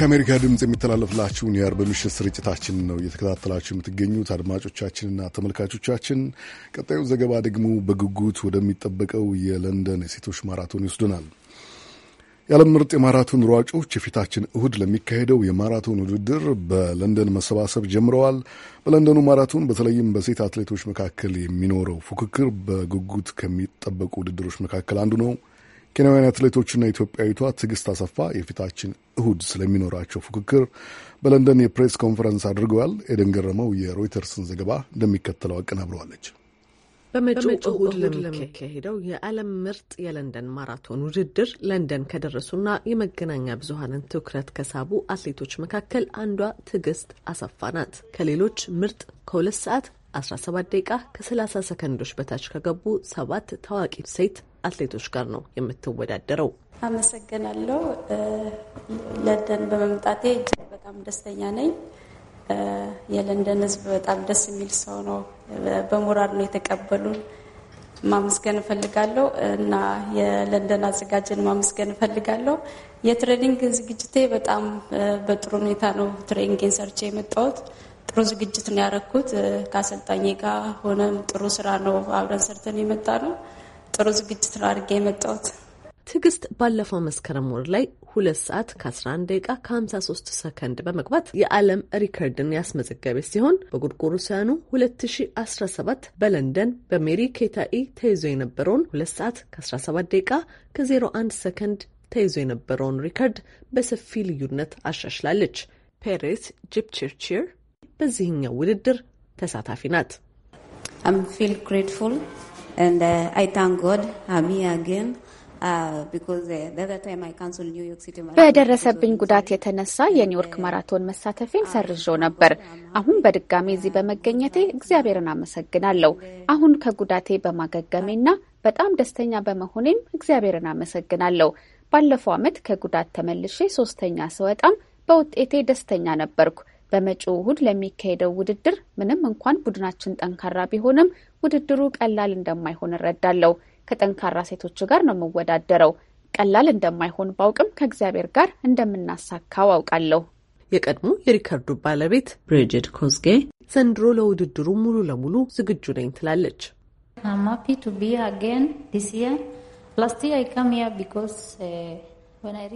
ከአሜሪካ ድምፅ የሚተላለፍላችሁን የአርብ ምሽት ስርጭታችን ነው እየተከታተላችሁ የምትገኙት አድማጮቻችንና ተመልካቾቻችን። ቀጣዩ ዘገባ ደግሞ በጉጉት ወደሚጠበቀው የለንደን የሴቶች ማራቶን ይወስደናል። የዓለም ምርጥ የማራቶን ሯጮች የፊታችን እሁድ ለሚካሄደው የማራቶን ውድድር በለንደን መሰባሰብ ጀምረዋል። በለንደኑ ማራቶን በተለይም በሴት አትሌቶች መካከል የሚኖረው ፉክክር በጉጉት ከሚጠበቁ ውድድሮች መካከል አንዱ ነው። ኬንያውያን አትሌቶችና ኢትዮጵያዊቷ ትዕግስት አሰፋ የፊታችን እሁድ ስለሚኖራቸው ፉክክር በለንደን የፕሬስ ኮንፈረንስ አድርገዋል። ኤደን ገረመው የሮይተርስን ዘገባ እንደሚከተለው አቀናብረዋለች። በመጪው እሁድ ለሚካሄደው የዓለም ምርጥ የለንደን ማራቶን ውድድር ለንደን ከደረሱና የመገናኛ ብዙኃንን ትኩረት ከሳቡ አትሌቶች መካከል አንዷ ትዕግስት አሰፋ ናት። ከሌሎች ምርጥ ከሁለት ሰዓት 17 ደቂቃ ከ30 ሰከንዶች በታች ከገቡ ሰባት ታዋቂ ሴት አትሌቶች ጋር ነው የምትወዳደረው። አመሰግናለሁ። ለንደን በመምጣቴ እጅግ በጣም ደስተኛ ነኝ። የለንደን ሕዝብ በጣም ደስ የሚል ሰው ነው። በሞራል ነው የተቀበሉን። ማመስገን እፈልጋለሁ እና የለንደን አዘጋጅን ማመስገን እፈልጋለሁ። የትሬኒንግ ዝግጅቴ በጣም በጥሩ ሁኔታ ነው። ትሬኒንግን ሰርቼ የመጣሁት ጥሩ ዝግጅት ነው ያደረኩት። ከአሰልጣኝ ጋር ሆነም ጥሩ ስራ ነው አብረን ሰርተን የመጣ ነው። ጥሩ ዝግጅት ነው አድርጌ የመጣሁት። ትዕግስት ባለፈው መስከረም ወር ላይ ሁለት ሰዓት ከ11 ደቂቃ ከ53 ሰከንድ በመግባት የዓለም ሪከርድን ያስመዘገበ ሲሆን በጎርጎሮሳውያኑ 2017 በለንደን በሜሪ ኬታኢ ተይዞ የነበረውን ሁለት ሰዓት ከ17 ደቂቃ ከ01 ሰከንድ ተይዞ የነበረውን ሪከርድ በሰፊ ልዩነት አሻሽላለች። ፔሬስ ጂፕቺርቺር በዚህኛው ውድድር ተሳታፊ ናት። አም ፊል ግሬትፉል And uh, I thank God I'm uh, here again. Uh, uh, በደረሰብኝ ጉዳት የተነሳ የኒውዮርክ ማራቶን መሳተፌን ሰርዤው ነበር። አሁን በድጋሜ እዚህ በመገኘቴ እግዚአብሔርን አመሰግናለሁ። አሁን ከጉዳቴ በማገገሜና በጣም ደስተኛ በመሆኔም እግዚአብሔርን አመሰግናለሁ። ባለፈው ዓመት ከጉዳት ተመልሼ ሶስተኛ ስወጣም በውጤቴ ደስተኛ ነበርኩ። በመጪው እሁድ ለሚካሄደው ውድድር ምንም እንኳን ቡድናችን ጠንካራ ቢሆንም ውድድሩ ቀላል እንደማይሆን እረዳለሁ። ከጠንካራ ሴቶች ጋር ነው የምወዳደረው። ቀላል እንደማይሆን ባውቅም ከእግዚአብሔር ጋር እንደምናሳካው አውቃለሁ። የቀድሞ የሪከርዱ ባለቤት ብሪጅድ ኮዝጌ ዘንድሮ ለውድድሩ ሙሉ ለሙሉ ዝግጁ ነኝ ትላለች። uh,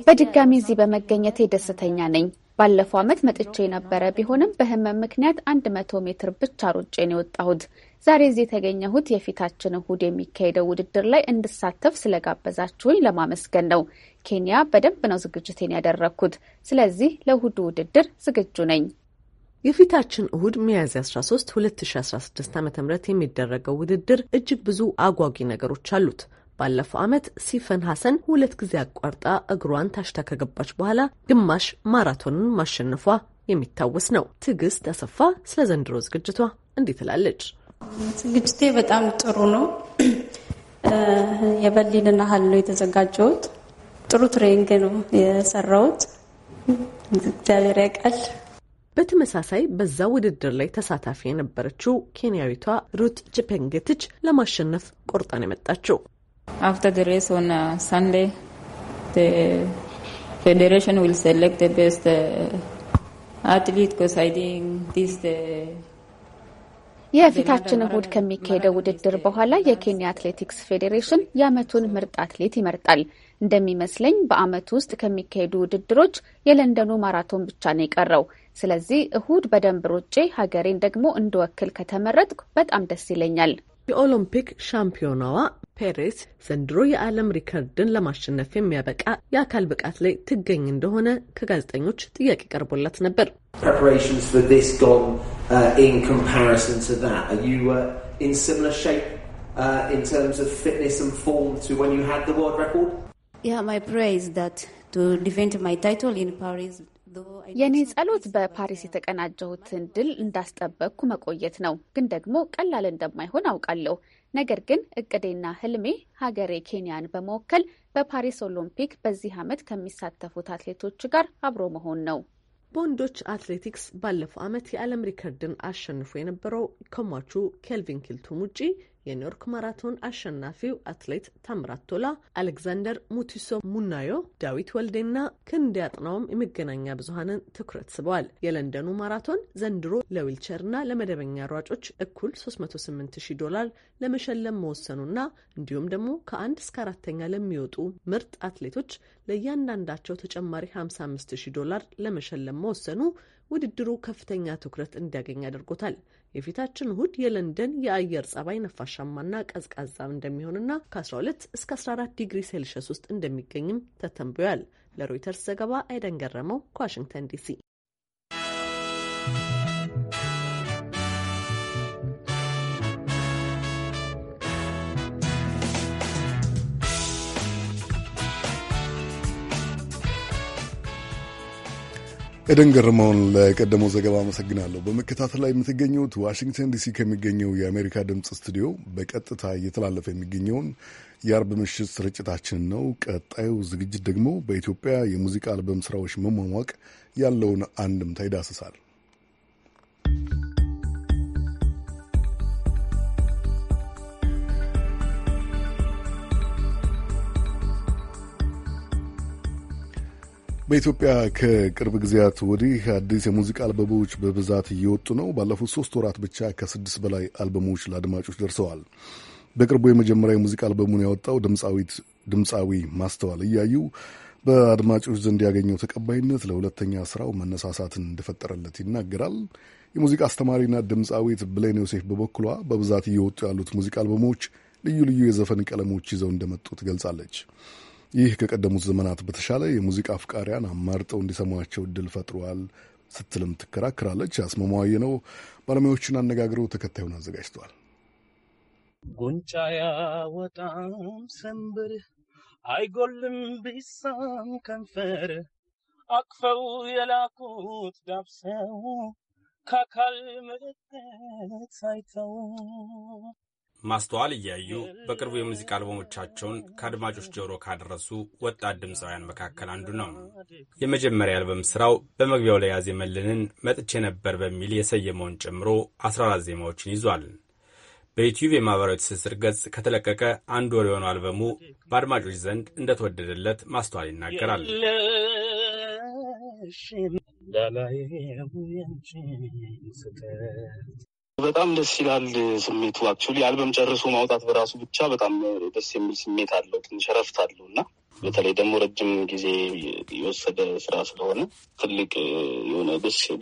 በድጋሚ እዚህ በመገኘቴ ደስተኛ ነኝ። ባለፈው ዓመት መጥቼ የነበረ ቢሆንም በህመም ምክንያት አንድ መቶ ሜትር ብቻ ሮጬን የወጣሁት። ዛሬ እዚህ የተገኘሁት የፊታችን እሁድ የሚካሄደው ውድድር ላይ እንድሳተፍ ስለጋበዛችሁኝ ለማመስገን ነው። ኬንያ በደንብ ነው ዝግጅቴን ያደረግኩት። ስለዚህ ለእሁዱ ውድድር ዝግጁ ነኝ። የፊታችን እሁድ ሚያዝያ 13 2016 ዓ ም የሚደረገው ውድድር እጅግ ብዙ አጓጊ ነገሮች አሉት። ባለፈው ዓመት ሲፈን ሐሰን ሁለት ጊዜ አቋርጣ እግሯን ታሽታ ከገባች በኋላ ግማሽ ማራቶንን ማሸነፏ የሚታወስ ነው። ትዕግስት አሰፋ ስለ ዘንድሮ ዝግጅቷ እንዲህ ትላለች። ዝግጅቴ በጣም ጥሩ ነው። የበርሊን ያህል ነው የተዘጋጀሁት። ጥሩ ትሬኒንግ ነው የሰራሁት። እግዚአብሔር ያውቃል። በተመሳሳይ በዛ ውድድር ላይ ተሳታፊ የነበረችው ኬንያዊቷ ሩት ቺፔንጌቲች ለማሸነፍ ቆርጣን የመጣችው After the race on uh, Sunday, the federation will select the best uh, athlete because I think this the የፊታችን እሁድ ከሚካሄደው ውድድር በኋላ የኬንያ አትሌቲክስ ፌዴሬሽን የአመቱን ምርጥ አትሌት ይመርጣል። እንደሚመስለኝ በአመቱ ውስጥ ከሚካሄዱ ውድድሮች የለንደኑ ማራቶን ብቻ ነው የቀረው። ስለዚህ እሁድ በደንብ ሮጬ ሀገሬን ደግሞ እንድወክል ከተመረጥኩ በጣም ደስ ይለኛል። የኦሎምፒክ ሻምፒዮናዋ ፔሬስ ዘንድሮ የዓለም ሪከርድን ለማሸነፍ የሚያበቃ የአካል ብቃት ላይ ትገኝ እንደሆነ ከጋዜጠኞች ጥያቄ ቀርቦላት ነበር። uh, uh, uh, የእኔ ጸሎት በፓሪስ የተቀናጀሁትን ድል እንዳስጠበቅኩ መቆየት ነው። ግን ደግሞ ቀላል እንደማይሆን አውቃለሁ። ነገር ግን እቅዴና ህልሜ ሀገሬ ኬንያን በመወከል በፓሪስ ኦሎምፒክ በዚህ ዓመት ከሚሳተፉት አትሌቶች ጋር አብሮ መሆን ነው። በወንዶች አትሌቲክስ ባለፈው ዓመት የዓለም ሪከርድን አሸንፎ የነበረው ከሟቹ ኬልቪን ኪልቱም ውጪ የኒውዮርክ ማራቶን አሸናፊው አትሌት ታምራት ቶላ፣ አሌክዛንደር ሙቲሶ ሙናዮ፣ ዳዊት ወልዴና ክንድ ያጥናውም የመገናኛ ብዙሀንን ትኩረት ስበዋል። የለንደኑ ማራቶን ዘንድሮ ለዊልቸርና ለመደበኛ ሯጮች እኩል 38000 ዶላር ለመሸለም መወሰኑና እንዲሁም ደግሞ ከአንድ እስከ አራተኛ ለሚወጡ ምርጥ አትሌቶች ለእያንዳንዳቸው ተጨማሪ 55 ዶላር ለመሸለም መወሰኑ ውድድሩ ከፍተኛ ትኩረት እንዲያገኝ አድርጎታል። የፊታችን እሁድ የለንደን የአየር ጸባይ ነፋሻማና ቀዝቃዛ እንደሚሆንና ከ12 እስከ 14 ዲግሪ ሴልሽስ ውስጥ እንደሚገኝም ተተንብዮአል። ለሮይተርስ ዘገባ አይደን ገረመው ከዋሽንግተን ዲሲ ኤደን ገርመውን ለቀደመው ዘገባ አመሰግናለሁ። በመከታተል ላይ የምትገኙት ዋሽንግተን ዲሲ ከሚገኘው የአሜሪካ ድምፅ ስቱዲዮ በቀጥታ እየተላለፈ የሚገኘውን የአርብ ምሽት ስርጭታችን ነው። ቀጣዩ ዝግጅት ደግሞ በኢትዮጵያ የሙዚቃ አልበም ስራዎች መሟሟቅ ያለውን አንድምታ ይዳስሳል። በኢትዮጵያ ከቅርብ ጊዜያት ወዲህ አዲስ የሙዚቃ አልበሞች በብዛት እየወጡ ነው። ባለፉት ሶስት ወራት ብቻ ከስድስት በላይ አልበሞች ለአድማጮች ደርሰዋል። በቅርቡ የመጀመሪያ የሙዚቃ አልበሙን ያወጣው ድምፃዊት ድምፃዊ ማስተዋል እያዩ በአድማጮች ዘንድ ያገኘው ተቀባይነት ለሁለተኛ ስራው መነሳሳትን እንደፈጠረለት ይናገራል። የሙዚቃ አስተማሪና ድምፃዊት ብሌን ዮሴፍ በበኩሏ በብዛት እየወጡ ያሉት ሙዚቃ አልበሞች ልዩ ልዩ የዘፈን ቀለሞች ይዘው እንደመጡ ትገልጻለች። ይህ ከቀደሙት ዘመናት በተሻለ የሙዚቃ አፍቃሪያን አማርጠው እንዲሰሟቸው እድል ፈጥሯል ስትልም ትከራከራለች። አስማማዋዬ ነው ባለሙያዎቹን አነጋግረው ተከታዩን አዘጋጅተዋል። ጉንጫ ያወጣም ሰንብር አይጎልም ቢሳም ከንፈር አቅፈው የላኩት ዳብሰው ከአካል ምልክት ሳይተው ማስተዋል እያዩ በቅርቡ የሙዚቃ አልበሞቻቸውን ከአድማጮች ጆሮ ካደረሱ ወጣት ድምፃውያን መካከል አንዱ ነው። የመጀመሪያ አልበም ስራው በመግቢያው ላይ ያዜመልንን መጥቼ ነበር በሚል የሰየመውን ጨምሮ 14 ዜማዎችን ይዟል። በዩቲዩብ የማህበራዊ ትስስር ገጽ ከተለቀቀ አንድ ወር የሆነው አልበሙ በአድማጮች ዘንድ እንደተወደደለት ማስተዋል ይናገራል። በጣም ደስ ይላል ስሜቱ። አክቹዋሊ አልበም ጨርሶ ማውጣት በራሱ ብቻ በጣም ደስ የሚል ስሜት አለው። ትንሽ እረፍት አለው እና በተለይ ደግሞ ረጅም ጊዜ የወሰደ ስራ ስለሆነ ትልቅ የሆነ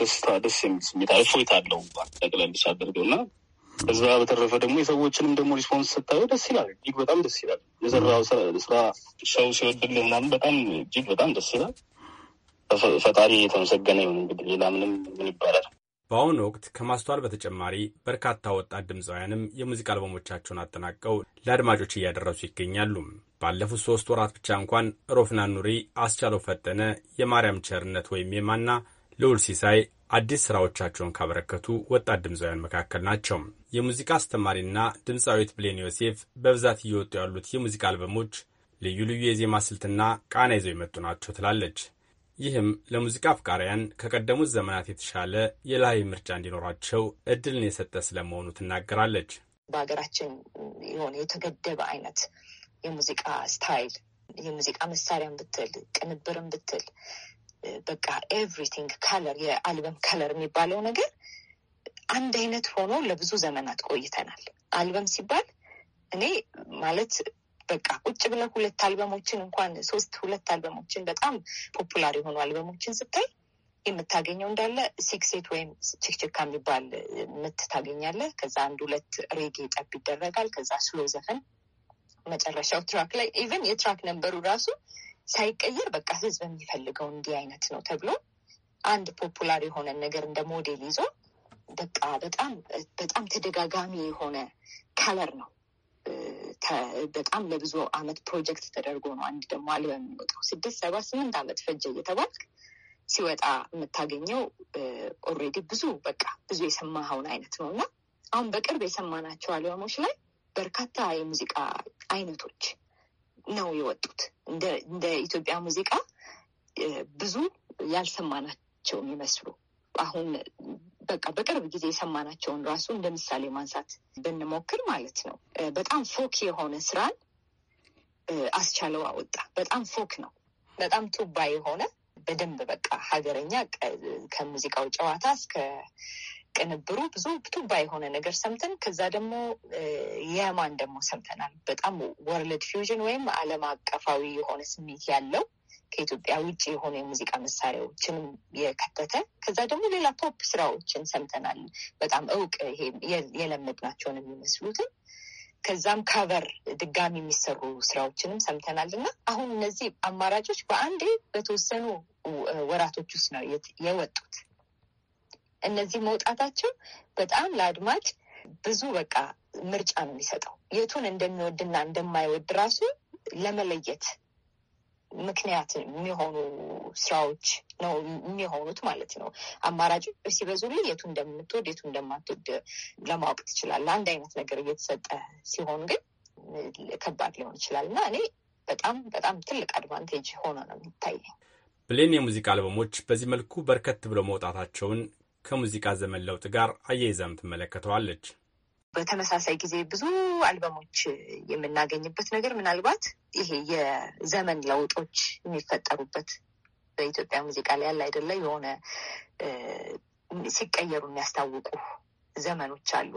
ደስታ ደስ የሚል ስሜት እፎይታ አለው ጠቅለል አድርገው እና እዛ በተረፈ ደግሞ የሰዎችንም ደግሞ ሪስፖንስ ስታየው ደስ ይላል። እጅግ በጣም ደስ ይላል። የሰራው ስራ ሰው ሲወድልህ ምናምን በጣም እጅግ በጣም ደስ ይላል። ፈጣሪ የተመሰገነ ይሁን። እንግዲህ ሌላ ምንም ምን ይባላል። በአሁኑ ወቅት ከማስተዋል በተጨማሪ በርካታ ወጣት ድምፃውያንም የሙዚቃ አልበሞቻቸውን አጠናቀው ለአድማጮች እያደረሱ ይገኛሉ። ባለፉት ሶስት ወራት ብቻ እንኳን ሮፍና ኑሪ፣ አስቻለው ፈጠነ፣ የማርያም ቸርነት ወይም የማና ልዑል ሲሳይ አዲስ ስራዎቻቸውን ካበረከቱ ወጣት ድምፃውያን መካከል ናቸው። የሙዚቃ አስተማሪና ድምፃዊት ብሌን ዮሴፍ በብዛት እየወጡ ያሉት የሙዚቃ አልበሞች ልዩ ልዩ የዜማ ስልትና ቃና ይዘው የመጡ ናቸው ትላለች። ይህም ለሙዚቃ አፍቃሪያን ከቀደሙት ዘመናት የተሻለ የላይ ምርጫ እንዲኖራቸው እድልን የሰጠ ስለመሆኑ ትናገራለች። በሀገራችን የሆነ የተገደበ አይነት የሙዚቃ ስታይል የሙዚቃ መሳሪያን ብትል ቅንብርን ብትል በቃ ኤቭሪቲንግ ከለር የአልበም ከለር የሚባለው ነገር አንድ አይነት ሆኖ ለብዙ ዘመናት ቆይተናል። አልበም ሲባል እኔ ማለት በቃ ቁጭ ብለ ሁለት አልበሞችን እንኳን ሶስት ሁለት አልበሞችን በጣም ፖፑላር የሆኑ አልበሞችን ስታይ የምታገኘው እንዳለ ሲክሴት ወይም ችክችካ የሚባል ምት ታገኛለ። ከዛ አንድ ሁለት ሬጌ ጠብ ይደረጋል። ከዛ ስሎ ዘፈን መጨረሻው ትራክ ላይ ኢቨን የትራክ ነንበሩ ራሱ ሳይቀየር በቃ ህዝብ የሚፈልገው እንዲህ አይነት ነው ተብሎ አንድ ፖፑላር የሆነ ነገር እንደ ሞዴል ይዞ በቃ በጣም በጣም ተደጋጋሚ የሆነ ከለር ነው በጣም ለብዙ አመት ፕሮጀክት ተደርጎ ነው አንድ ደግሞ አልበም የሚወጣው። ስድስት ሰባት ስምንት አመት ፈጀ እየተባልክ ሲወጣ የምታገኘው ኦሬዲ ብዙ በቃ ብዙ የሰማኸውን አይነት ነው እና አሁን በቅርብ የሰማናቸው አልበሞች ላይ በርካታ የሙዚቃ አይነቶች ነው የወጡት። እንደ ኢትዮጵያ ሙዚቃ ብዙ ያልሰማናቸው የሚመስሉ አሁን በቃ በቅርብ ጊዜ የሰማናቸውን ራሱ እንደ ምሳሌ ማንሳት ብንሞክር ማለት ነው። በጣም ፎክ የሆነ ስራን አስቻለው አወጣ። በጣም ፎክ ነው። በጣም ቱባ የሆነ በደንብ በቃ ሀገረኛ ከሙዚቃው ጨዋታ እስከ ቅንብሩ ብዙ ቱባ የሆነ ነገር ሰምተን ከዛ ደግሞ የማን ደግሞ ሰምተናል። በጣም ወርልድ ፊውዥን ወይም ዓለም አቀፋዊ የሆነ ስሜት ያለው ከኢትዮጵያ ውጭ የሆኑ የሙዚቃ መሳሪያዎችንም የከተተ ከዛ ደግሞ ሌላ ፖፕ ስራዎችን ሰምተናል። በጣም እውቅ ይሄ የለመድናቸውን የሚመስሉትን ከዛም ካቨር ድጋሚ የሚሰሩ ስራዎችንም ሰምተናል እና አሁን እነዚህ አማራጮች በአንዴ በተወሰኑ ወራቶች ውስጥ ነው የወጡት። እነዚህ መውጣታቸው በጣም ለአድማጭ ብዙ በቃ ምርጫ ነው የሚሰጠው የቱን እንደሚወድና እንደማይወድ ራሱ ለመለየት ምክንያት የሚሆኑ ስራዎች ነው የሚሆኑት ማለት ነው። አማራጮች ሲበዙልህ የቱ እንደምትወድ የቱ እንደማትወድ ለማወቅ ትችላለህ። አንድ አይነት ነገር እየተሰጠ ሲሆን ግን ከባድ ሊሆን ይችላል እና እኔ በጣም በጣም ትልቅ አድቫንቴጅ ሆኖ ነው የሚታየኝ። ብሌን የሙዚቃ አልበሞች በዚህ መልኩ በርከት ብለው መውጣታቸውን ከሙዚቃ ዘመን ለውጥ ጋር አያይዛም ትመለከተዋለች። በተመሳሳይ ጊዜ ብዙ አልበሞች የምናገኝበት ነገር ምናልባት ይሄ የዘመን ለውጦች የሚፈጠሩበት በኢትዮጵያ ሙዚቃ ላይ ያለ አይደለ የሆነ ሲቀየሩ የሚያስታውቁ ዘመኖች አሉ።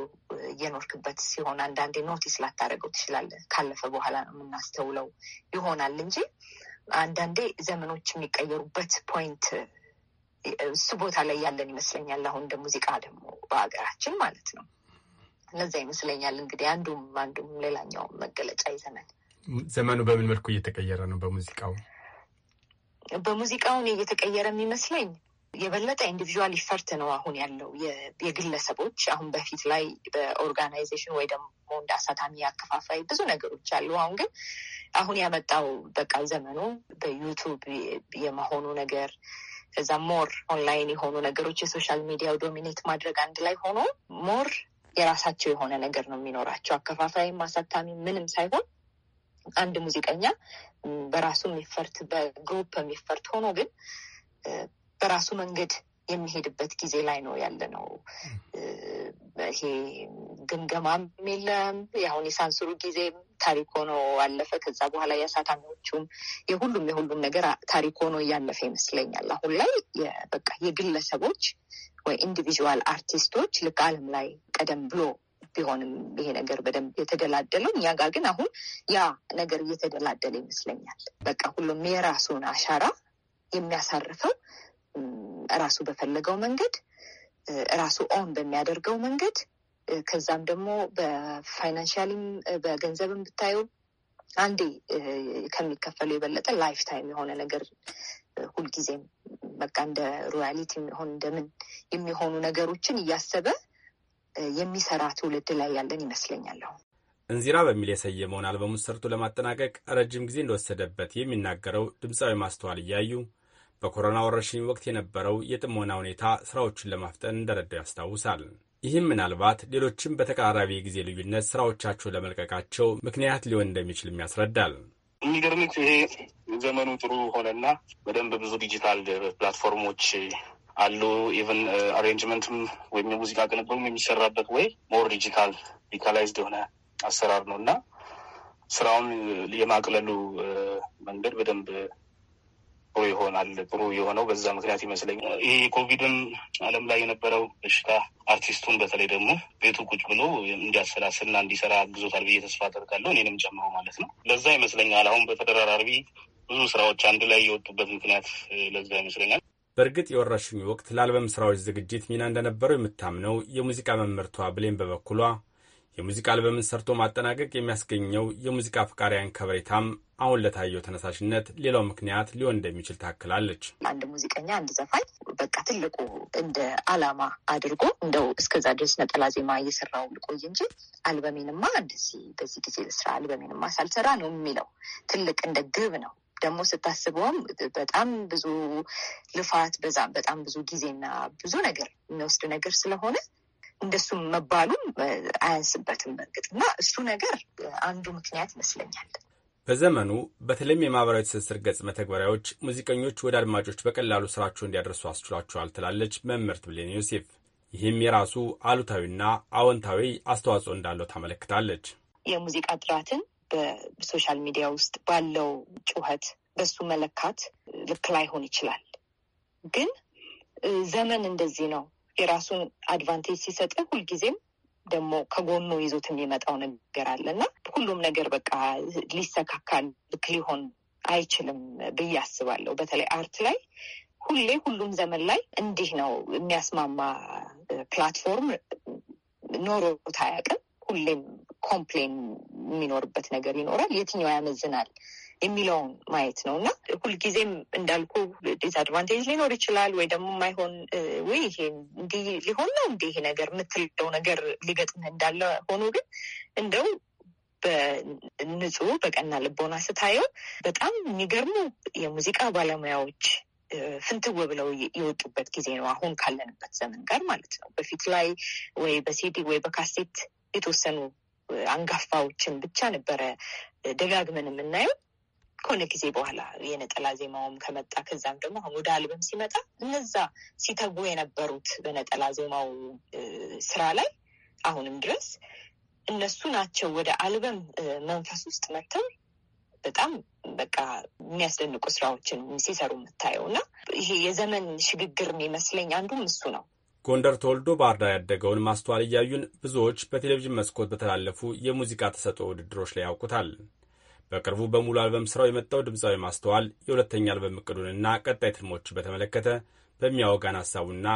እየኖርክበት ሲሆን አንዳንዴ ኖቲስ ላታደርገው ትችላለህ። ካለፈ በኋላ ነው የምናስተውለው ይሆናል እንጂ አንዳንዴ ዘመኖች የሚቀየሩበት ፖይንት እሱ ቦታ ላይ ያለን ይመስለኛል። አሁን እንደ ሙዚቃ ደግሞ በሀገራችን ማለት ነው እነዚ ይመስለኛል እንግዲህ አንዱም አንዱም ሌላኛው መገለጫ ይዘናል። ዘመኑ በምን መልኩ እየተቀየረ ነው? በሙዚቃው በሙዚቃውን እየተቀየረ የሚመስለኝ የበለጠ ኢንዲቪዥዋል ይፈርት ነው አሁን ያለው የግለሰቦች አሁን በፊት ላይ በኦርጋናይዜሽን ወይ ደግሞ እንደ አሳታሚ አከፋፋይ ብዙ ነገሮች አሉ። አሁን ግን አሁን ያመጣው በቃ ዘመኑ በዩቱብ የመሆኑ ነገር እዛ ሞር ኦንላይን የሆኑ ነገሮች የሶሻል ሚዲያው ዶሚኔት ማድረግ አንድ ላይ ሆኖ ሞር የራሳቸው የሆነ ነገር ነው የሚኖራቸው። አከፋፋይም አሳታሚ ምንም ሳይሆን አንድ ሙዚቀኛ በራሱ የሚፈርት በግሩፕ የሚፈርት ሆኖ ግን በራሱ መንገድ የሚሄድበት ጊዜ ላይ ነው ያለ ነው። ይሄ ግምገማም የለም። የአሁን የሳንስሩ ጊዜ ታሪክ ሆኖ አለፈ። ከዛ በኋላ የአሳታሚዎቹም የሁሉም የሁሉም ነገር ታሪክ ሆኖ እያለፈ ይመስለኛል። አሁን ላይ በቃ የግለሰቦች ወይ ኢንዲቪዥዋል አርቲስቶች ልክ ዓለም ላይ ቀደም ብሎ ቢሆንም ይሄ ነገር በደንብ የተደላደለው እኛ ጋር ግን አሁን ያ ነገር እየተደላደለ ይመስለኛል። በቃ ሁሉም የራሱን አሻራ የሚያሳርፈው እራሱ በፈለገው መንገድ እራሱ ኦን በሚያደርገው መንገድ ከዛም ደግሞ በፋይናንሻልም በገንዘብም ብታየው አንዴ ከሚከፈሉ የበለጠ ላይፍ ታይም የሆነ ነገር ሁልጊዜም በቃ እንደ ሮያሊቲ የሚሆን እንደምን የሚሆኑ ነገሮችን እያሰበ የሚሰራ ትውልድ ላይ ያለን ይመስለኛለሁ። እንዚራ በሚል የሰየመውን አልበሙን ሰርቶ ለማጠናቀቅ ረጅም ጊዜ እንደወሰደበት የሚናገረው ድምፃዊ ማስተዋል እያዩ በኮሮና ወረርሽኝ ወቅት የነበረው የጥሞና ሁኔታ ስራዎችን ለማፍጠን እንደረዳው ያስታውሳል። ይህም ምናልባት ሌሎችም በተቀራራቢ ጊዜ ልዩነት ስራዎቻቸውን ለመልቀቃቸው ምክንያት ሊሆን እንደሚችልም ያስረዳል። የሚገርምት ይሄ ዘመኑ ጥሩ ሆነና በደንብ ብዙ ዲጂታል ፕላትፎርሞች አሉ። ኢቨን አሬንጅመንትም ወይም የሙዚቃ ቅንብሩም የሚሰራበት ወይ ሞር ዲጂታል ዲጂታላይዝድ የሆነ አሰራር ነው እና ስራውን የማቅለሉ መንገድ በደንብ ጥሩ ይሆናል። ጥሩ የሆነው በዛ ምክንያት ይመስለኛል። ይህ ኮቪድን ዓለም ላይ የነበረው በሽታ አርቲስቱን በተለይ ደግሞ ቤቱ ቁጭ ብሎ እንዲያሰላስልና እንዲሰራ አግዞታል ብዬ ተስፋ አደርጋለሁ፣ እኔንም ጨምሮ ማለት ነው። ለዛ ይመስለኛል አሁን በተደራራቢ ብዙ ስራዎች አንድ ላይ የወጡበት ምክንያት ለዛ ይመስለኛል። በእርግጥ የወረርሽኙ ወቅት ለአልበም ስራዎች ዝግጅት ሚና እንደነበረው የምታምነው የሙዚቃ መምህርቷ ብሌን በበኩሏ የሙዚቃ አልበምን ሰርቶ ማጠናቀቅ የሚያስገኘው የሙዚቃ አፍቃሪያን ከበሬታም አሁን ለታየው ተነሳሽነት ሌላው ምክንያት ሊሆን እንደሚችል ታክላለች። አንድ ሙዚቀኛ አንድ ዘፋኝ በቃ ትልቁ እንደ አላማ አድርጎ እንደው እስከዛ ድረስ ነጠላ ዜማ እየሰራው ልቆይ እንጂ አልበሜንማ እንደዚህ በዚህ ጊዜ ስራ አልበሜንማ ሳልሰራ ነው የሚለው ትልቅ እንደ ግብ ነው። ደግሞ ስታስበውም በጣም ብዙ ልፋት በዛም በጣም ብዙ ጊዜና ብዙ ነገር የሚወስድ ነገር ስለሆነ እንደሱ መባሉም አያንስበትም። በእርግጥ እና እሱ ነገር አንዱ ምክንያት ይመስለኛል። በዘመኑ በተለይም የማህበራዊ ትስስር ገጽ መተግበሪያዎች ሙዚቀኞች ወደ አድማጮች በቀላሉ ስራቸው እንዲያደርሱ አስችሏቸዋል ትላለች መምህርት ብሌን ዮሴፍ። ይህም የራሱ አሉታዊና አዎንታዊ አስተዋጽኦ እንዳለው ታመለክታለች። የሙዚቃ ጥራትን በሶሻል ሚዲያ ውስጥ ባለው ጩኸት በሱ መለካት ልክ ላይሆን ይችላል። ግን ዘመን እንደዚህ ነው። የራሱን አድቫንቴጅ ሲሰጥ ሁልጊዜም ደግሞ ከጎኑ ይዞት የሚመጣው ነገር አለ እና ሁሉም ነገር በቃ ሊሰካካል ልክ ሊሆን አይችልም ብዬ አስባለሁ። በተለይ አርት ላይ ሁሌ ሁሉም ዘመን ላይ እንዲህ ነው የሚያስማማ ፕላትፎርም ኖሮት አያውቅም። ሁሌም ኮምፕሌን የሚኖርበት ነገር ይኖራል። የትኛው ያመዝናል የሚለውን ማየት ነው እና ሁልጊዜም እንዳልኩ ዲስአድቫንቴጅ ሊኖር ይችላል ወይ ደግሞ የማይሆን ወይ ይሄ እንዲህ ሊሆን ነው እንዲህ ይሄ ነገር የምትልደው ነገር ሊገጥምህ እንዳለ ሆኖ ግን እንደው በንጹህ በቀና ልቦና ስታየው በጣም የሚገርሙ የሙዚቃ ባለሙያዎች ፍንትወ ብለው የወጡበት ጊዜ ነው። አሁን ካለንበት ዘመን ጋር ማለት ነው። በፊት ላይ ወይ በሲዲ ወይ በካሴት የተወሰኑ አንጋፋዎችን ብቻ ነበረ ደጋግመን የምናየው። ከሆነ ጊዜ በኋላ የነጠላ ዜማውም ከመጣ ከዛም ደግሞ አሁን ወደ አልበም ሲመጣ እነዛ ሲተጉ የነበሩት በነጠላ ዜማው ስራ ላይ አሁንም ድረስ እነሱ ናቸው ወደ አልበም መንፈስ ውስጥ መጥተው በጣም በቃ የሚያስደንቁ ስራዎችን ሲሰሩ የምታየው እና ይሄ የዘመን ሽግግር የሚመስለኝ አንዱም እሱ ነው። ጎንደር ተወልዶ ባህር ዳር ያደገውን ማስተዋል እያዩን ብዙዎች በቴሌቪዥን መስኮት በተላለፉ የሙዚቃ ተሰጥኦ ውድድሮች ላይ ያውቁታል። በቅርቡ በሙሉ አልበም ስራው የመጣው ድምፃዊ ማስተዋል የሁለተኛ አልበም እቅዱንና ቀጣይ ትልሞች በተመለከተ በሚያወጋን ሀሳቡና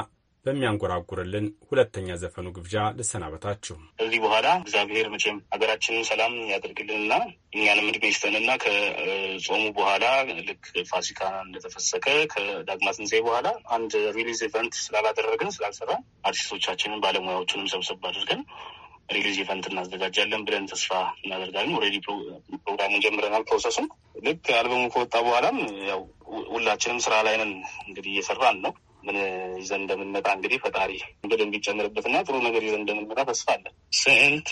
በሚያንጎራጉርልን ሁለተኛ ዘፈኑ ግብዣ ልሰናበታችሁ። ከዚህ በኋላ እግዚአብሔር መቼም ሀገራችንን ሰላም ያደርግልንና እኛንም እድሜ ይስጠንና ከጾሙ በኋላ ልክ ፋሲካ እንደተፈሰከ ከዳግማ ትንሣኤ በኋላ አንድ ሪሊዝ ኢቨንት ስላላደረግን ስላልሰራ አርቲስቶቻችንን ባለሙያዎቹንም ሰብሰብ አድርገን ሪሊዝ ኢቨንት እናዘጋጃለን ብለን ተስፋ እናደርጋለን። ኦልሬዲ ፕሮግራሙን ጀምረናል። ፕሮሰሱም ልክ አልበሙ ከወጣ በኋላም ያው ሁላችንም ስራ ላይ ነን እንግዲህ እየሰራን ነው። ምን ይዘን እንደምንመጣ እንግዲህ ፈጣሪ እንግዲህ የሚጨምርበትና ጥሩ ነገር ይዘን እንደምንመጣ ተስፋ አለን። ስንቴ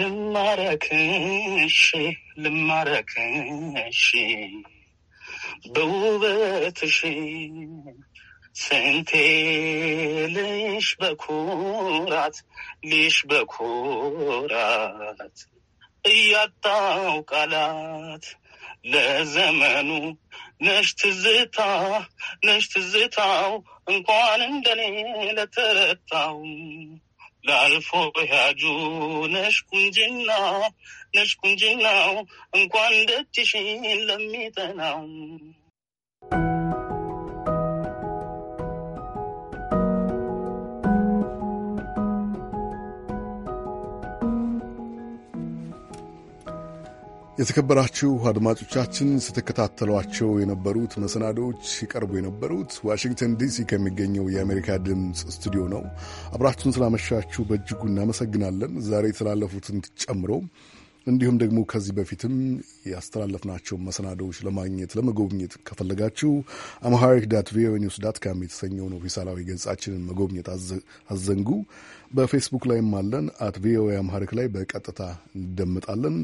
ልማረክሽ ልማረክሽ በውበትሽ ስንቴ ልሽ በኩራት ልሽ በኩራት እያጣው ቃላት ለዘመኑ ነሽ ትዝታ ነሽ ትዝታው እንኳን እንደኔ ለተረታው ላልፎ ያጁ ነሽ ቁንጅና ነሽ ቁንጅናው እንኳን ደጅሽን ለሚጠናው የተከበራችሁ አድማጮቻችን ስተከታተሏቸው የነበሩት መሰናዶዎች ሲቀርቡ የነበሩት ዋሽንግተን ዲሲ ከሚገኘው የአሜሪካ ድምፅ ስቱዲዮ ነው። አብራችሁን ስላመሻችሁ በእጅጉ እናመሰግናለን። ዛሬ የተላለፉትን ጨምሮ እንዲሁም ደግሞ ከዚህ በፊትም ያስተላለፍናቸው መሰናዶዎች ለማግኘት ለመጎብኘት ከፈለጋችሁ አምሃሪክ ዳት ቪኦኤ ኒውስ ዳት ካም የተሰኘውን ኦፊሳላዊ ገጻችንን መጎብኘት አዘንጉ። በፌስቡክ ላይም አለን። አት ቪኦኤ አምሃሪክ ላይ በቀጥታ እንደምጣለን።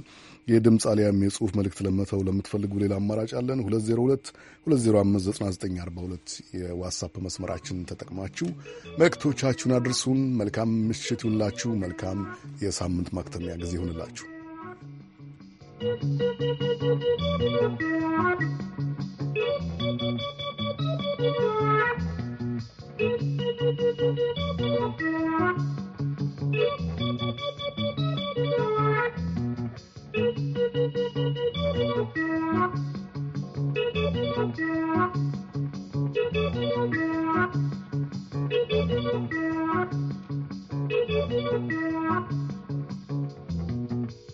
የድምፅ አሊያም የጽሁፍ መልእክት ለመተው ለምትፈልጉ ሌላ አማራጭ አለን። 2022059942 የዋትሳፕ መስመራችን ተጠቅማችሁ መልእክቶቻችሁን አድርሱን። መልካም ምሽት ይሁንላችሁ። መልካም የሳምንት ማክተሚያ ጊዜ ይሁንላችሁ። Thank you.